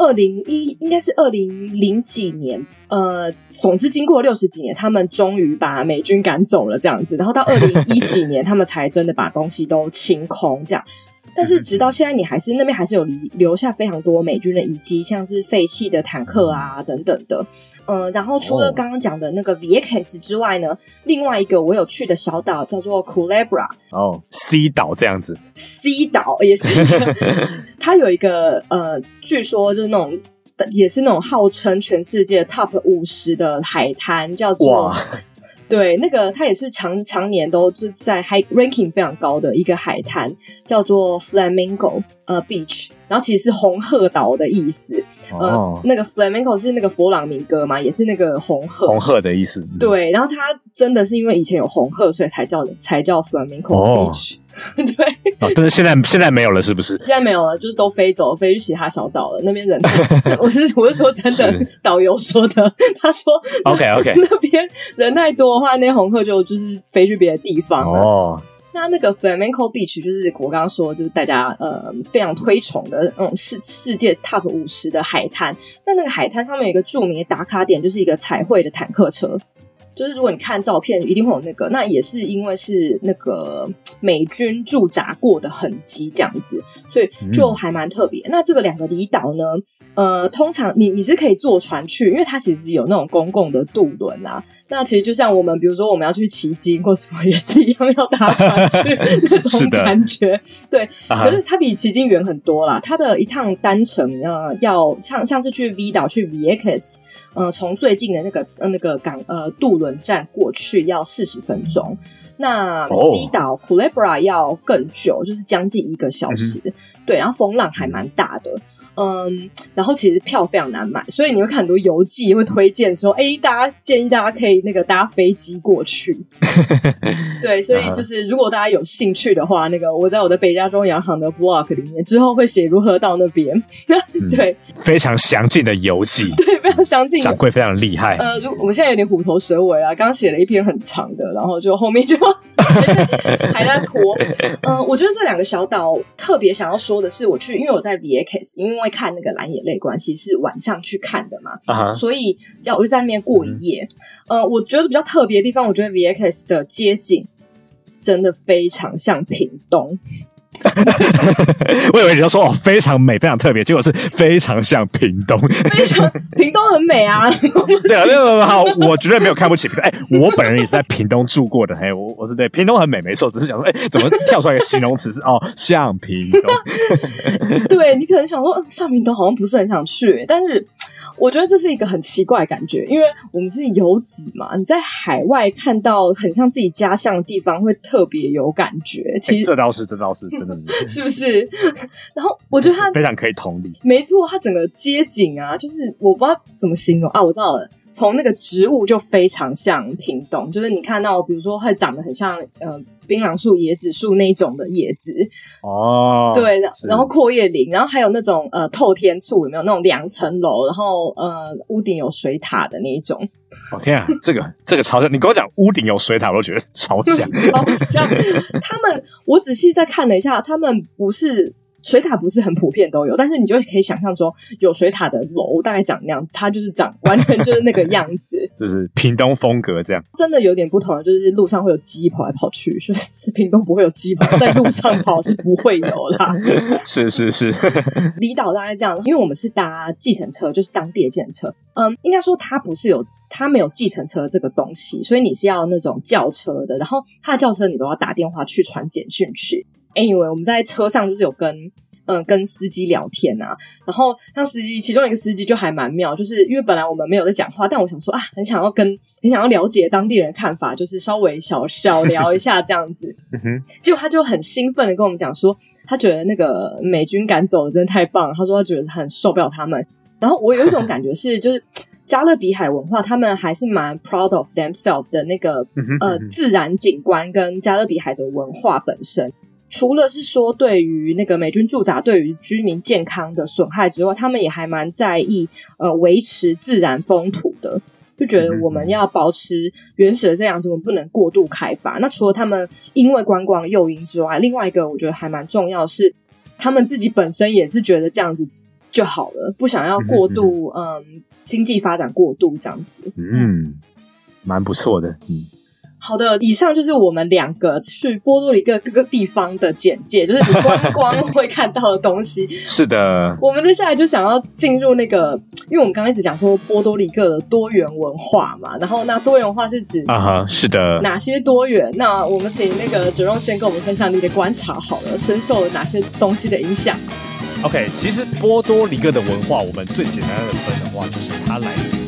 二零一，應該是二零零幾年，呃，總之經過六十幾年，他們終於把美軍趕走了，這樣子，然後到二零一幾年， 他們才真的把東西都清空，這樣。但是直到現在，你還是那邊還是有留下非常多美軍的遺跡，像是廢棄的坦克啊等等的。嗯，然後除了剛剛講的那個 Vieques 之外呢，oh. 另外一個我有去的小島叫做 Culebra，oh, c u l e b r a 哦，C 島這樣子。C 島也是 它有一個呃，據說就是那種也是那種號稱全世界 top 五十的海灘，叫做 wow。對，那個它也是常常年都是在海 ranking 非常高的一個海灘，叫做 Flamingo 呃 Beach，然後其實是紅鶴島的意思。Oh. 呃，那個 Flamingo 是那個佛朗明哥嘛，也是那個紅鶴紅鶴的意思。對，然後它真的是因為以前有紅鶴，所以才叫的才叫 Flamingo Beach。Oh. 對、哦，但是現在現在沒有了，是不是？現在沒有了，就是都飛走了，飛去其他小島了。那邊人， 我是我是說真的，導遊說的，他說，OK OK，那，那邊人太多的話，那些紅鶴就就是飛去別的地方了。哦，oh，那那個 Flamenco Beach 就是我剛剛說，就是大家呃非常推崇的那種世世界 top 五十的海灘。那那個海灘上面有一個著名的打卡點，就是一個彩繪的坦克車。就是如果你看照片，一定會有那個，那也是因為是那個美軍駐扎過的痕跡這樣子，所以就還蠻特別。嗯。那這個兩個離島呢？呃，通常你你是可以坐船去，因為它其實有那種公共的渡輪啊。那其實就像我們，比如說我們要去旗津或什麼也是一樣要搭船去 那種感覺。對，uh -huh. 可是它比旗津遠很多啦。它的一趟單程啊，要像像是去 V 島去 Vieques 呃，從最近的那個、呃、那個港呃渡輪站過去要四十分鐘。那 C 島、oh. Culebra 要更久，就是將近一個小時。Uh -huh. 對，然後風浪還蠻大的。Uh -huh. 嗯，然後其實票非常難買，所以你會看很多遊記會推薦說，哎、嗯，大家建議大家可以那個搭飛機過去、 嗯。對，所以就是如果大家有興趣的話，那個我在我的北加州洋行的 blog 裡面之後會寫如何到那邊。 對、嗯，非常詳盡的遊記， 對，非常詳盡。掌櫃非常厲害。呃，如我們現在有點虎頭蛇尾啊，剛寫了一篇很長的，然後就後面就 還在拖駝。 嗯，我覺得這兩個小島特別想要說的是，我去因為我在 Vieques，因為。會看那個藍眼淚，關係是晚上去看的嘛，uh -huh. 所以要我就在那邊過一夜。Uh -huh. 呃，我覺得比較特別的地方，我覺得 VX 的街景真的非常像屏東。 我以為你要說哦，非常美，非常特別，結果是非常像屏東。非常，屏東很美啊！ 對啊，沒有沒有，好，我絕對沒有看不起。哎，我本人也是在屏東住過的，嘿，我我是對屏東很美，沒錯，只是想說，哎，怎麼跳出來一個形容詞是 哦，像屏東。 對，你可能想說，像屏東好像不是很想去，但是我覺得這是一個很奇怪的感覺，因為我們是遊子嘛，你在海外看到很像自己家鄉的地方，會特別有感覺。其實，欸，這倒是，這倒是真的。是不是？然後我覺得他非常可以同理，沒錯，他整個街景啊，就是我不知道怎麼形容啊，我知道了，從那個植物就非常像屏東，就是你看到比如說會長得很像呃檳榔樹、椰子樹那一種的葉子哦，對，然後闊葉林，然後還有那種呃透天厝有沒有那種兩層樓，然後呃屋頂有水塔的那一種。我、哦、天啊，這個這個超像！你跟我講屋頂有水塔，我都覺得超像 超像。他們我仔細再看了一下，他們不是水塔不是很普遍都有，但是你就可以想象中有水塔的樓大概長那樣子，它就是長完全就是那個樣子， 就是屏東風格這樣。真的有點不同的，就是路上會有雞跑來跑去，所以、就是、屏東不會有雞跑在路上跑，是不會有啦、啊。 是是是，離 島大概這樣，因為我們是搭計程車，就是當地的計程車。嗯，應該說它不是有。他沒有計程車這個東西，所以你是要那種轎車的。然後他的轎車你都要打電話去傳簡訊去。Anyway，我們在車上就是有跟嗯、呃、跟司機聊天啊。然後那司機其中一個司機就還蠻妙，就是因為本來我們沒有在講話，但我想說啊，很想要跟很想要了解當地人的看法，就是稍微小小聊一下這樣子。哼 結果他就很興奮的跟我們講說，他覺得那個美軍趕走的真的太棒了。他說他覺得很受不了他們。然後我有一種感覺是，就是。 加勒比海文化，他們還是蠻 proud of themselves 的那個呃自然景觀跟加勒比海的文化本身。除了是說對於那個美軍駐紮對於居民健康的損害之外，他們也還蠻在意，呃維持自然風土的，就覺得我們要保持原始的這樣子，我們不能過度開發。那除了他們因為觀光誘因之外，另外一個我覺得還蠻重要是，他們自己本身也是覺得這樣子就好了，不想要過度嗯。呃經濟發展過度這樣子，嗯，蠻不錯的，嗯。好的，以上就是我們兩個去波多黎各各個地方的簡介，就是你觀光會看到的東西。 是的，我們接下來就想要進入那個，因為我們剛開始講說波多黎各的多元文化嘛，然後那多元文化是指啊哈，是的，哪些多元，uh-huh？那我們請那個 Jerome 先跟我們分享你的觀察好了，深受哪些東西的影響？OK，其實波多黎各的文化，我們最簡單的分的話，就是它來自。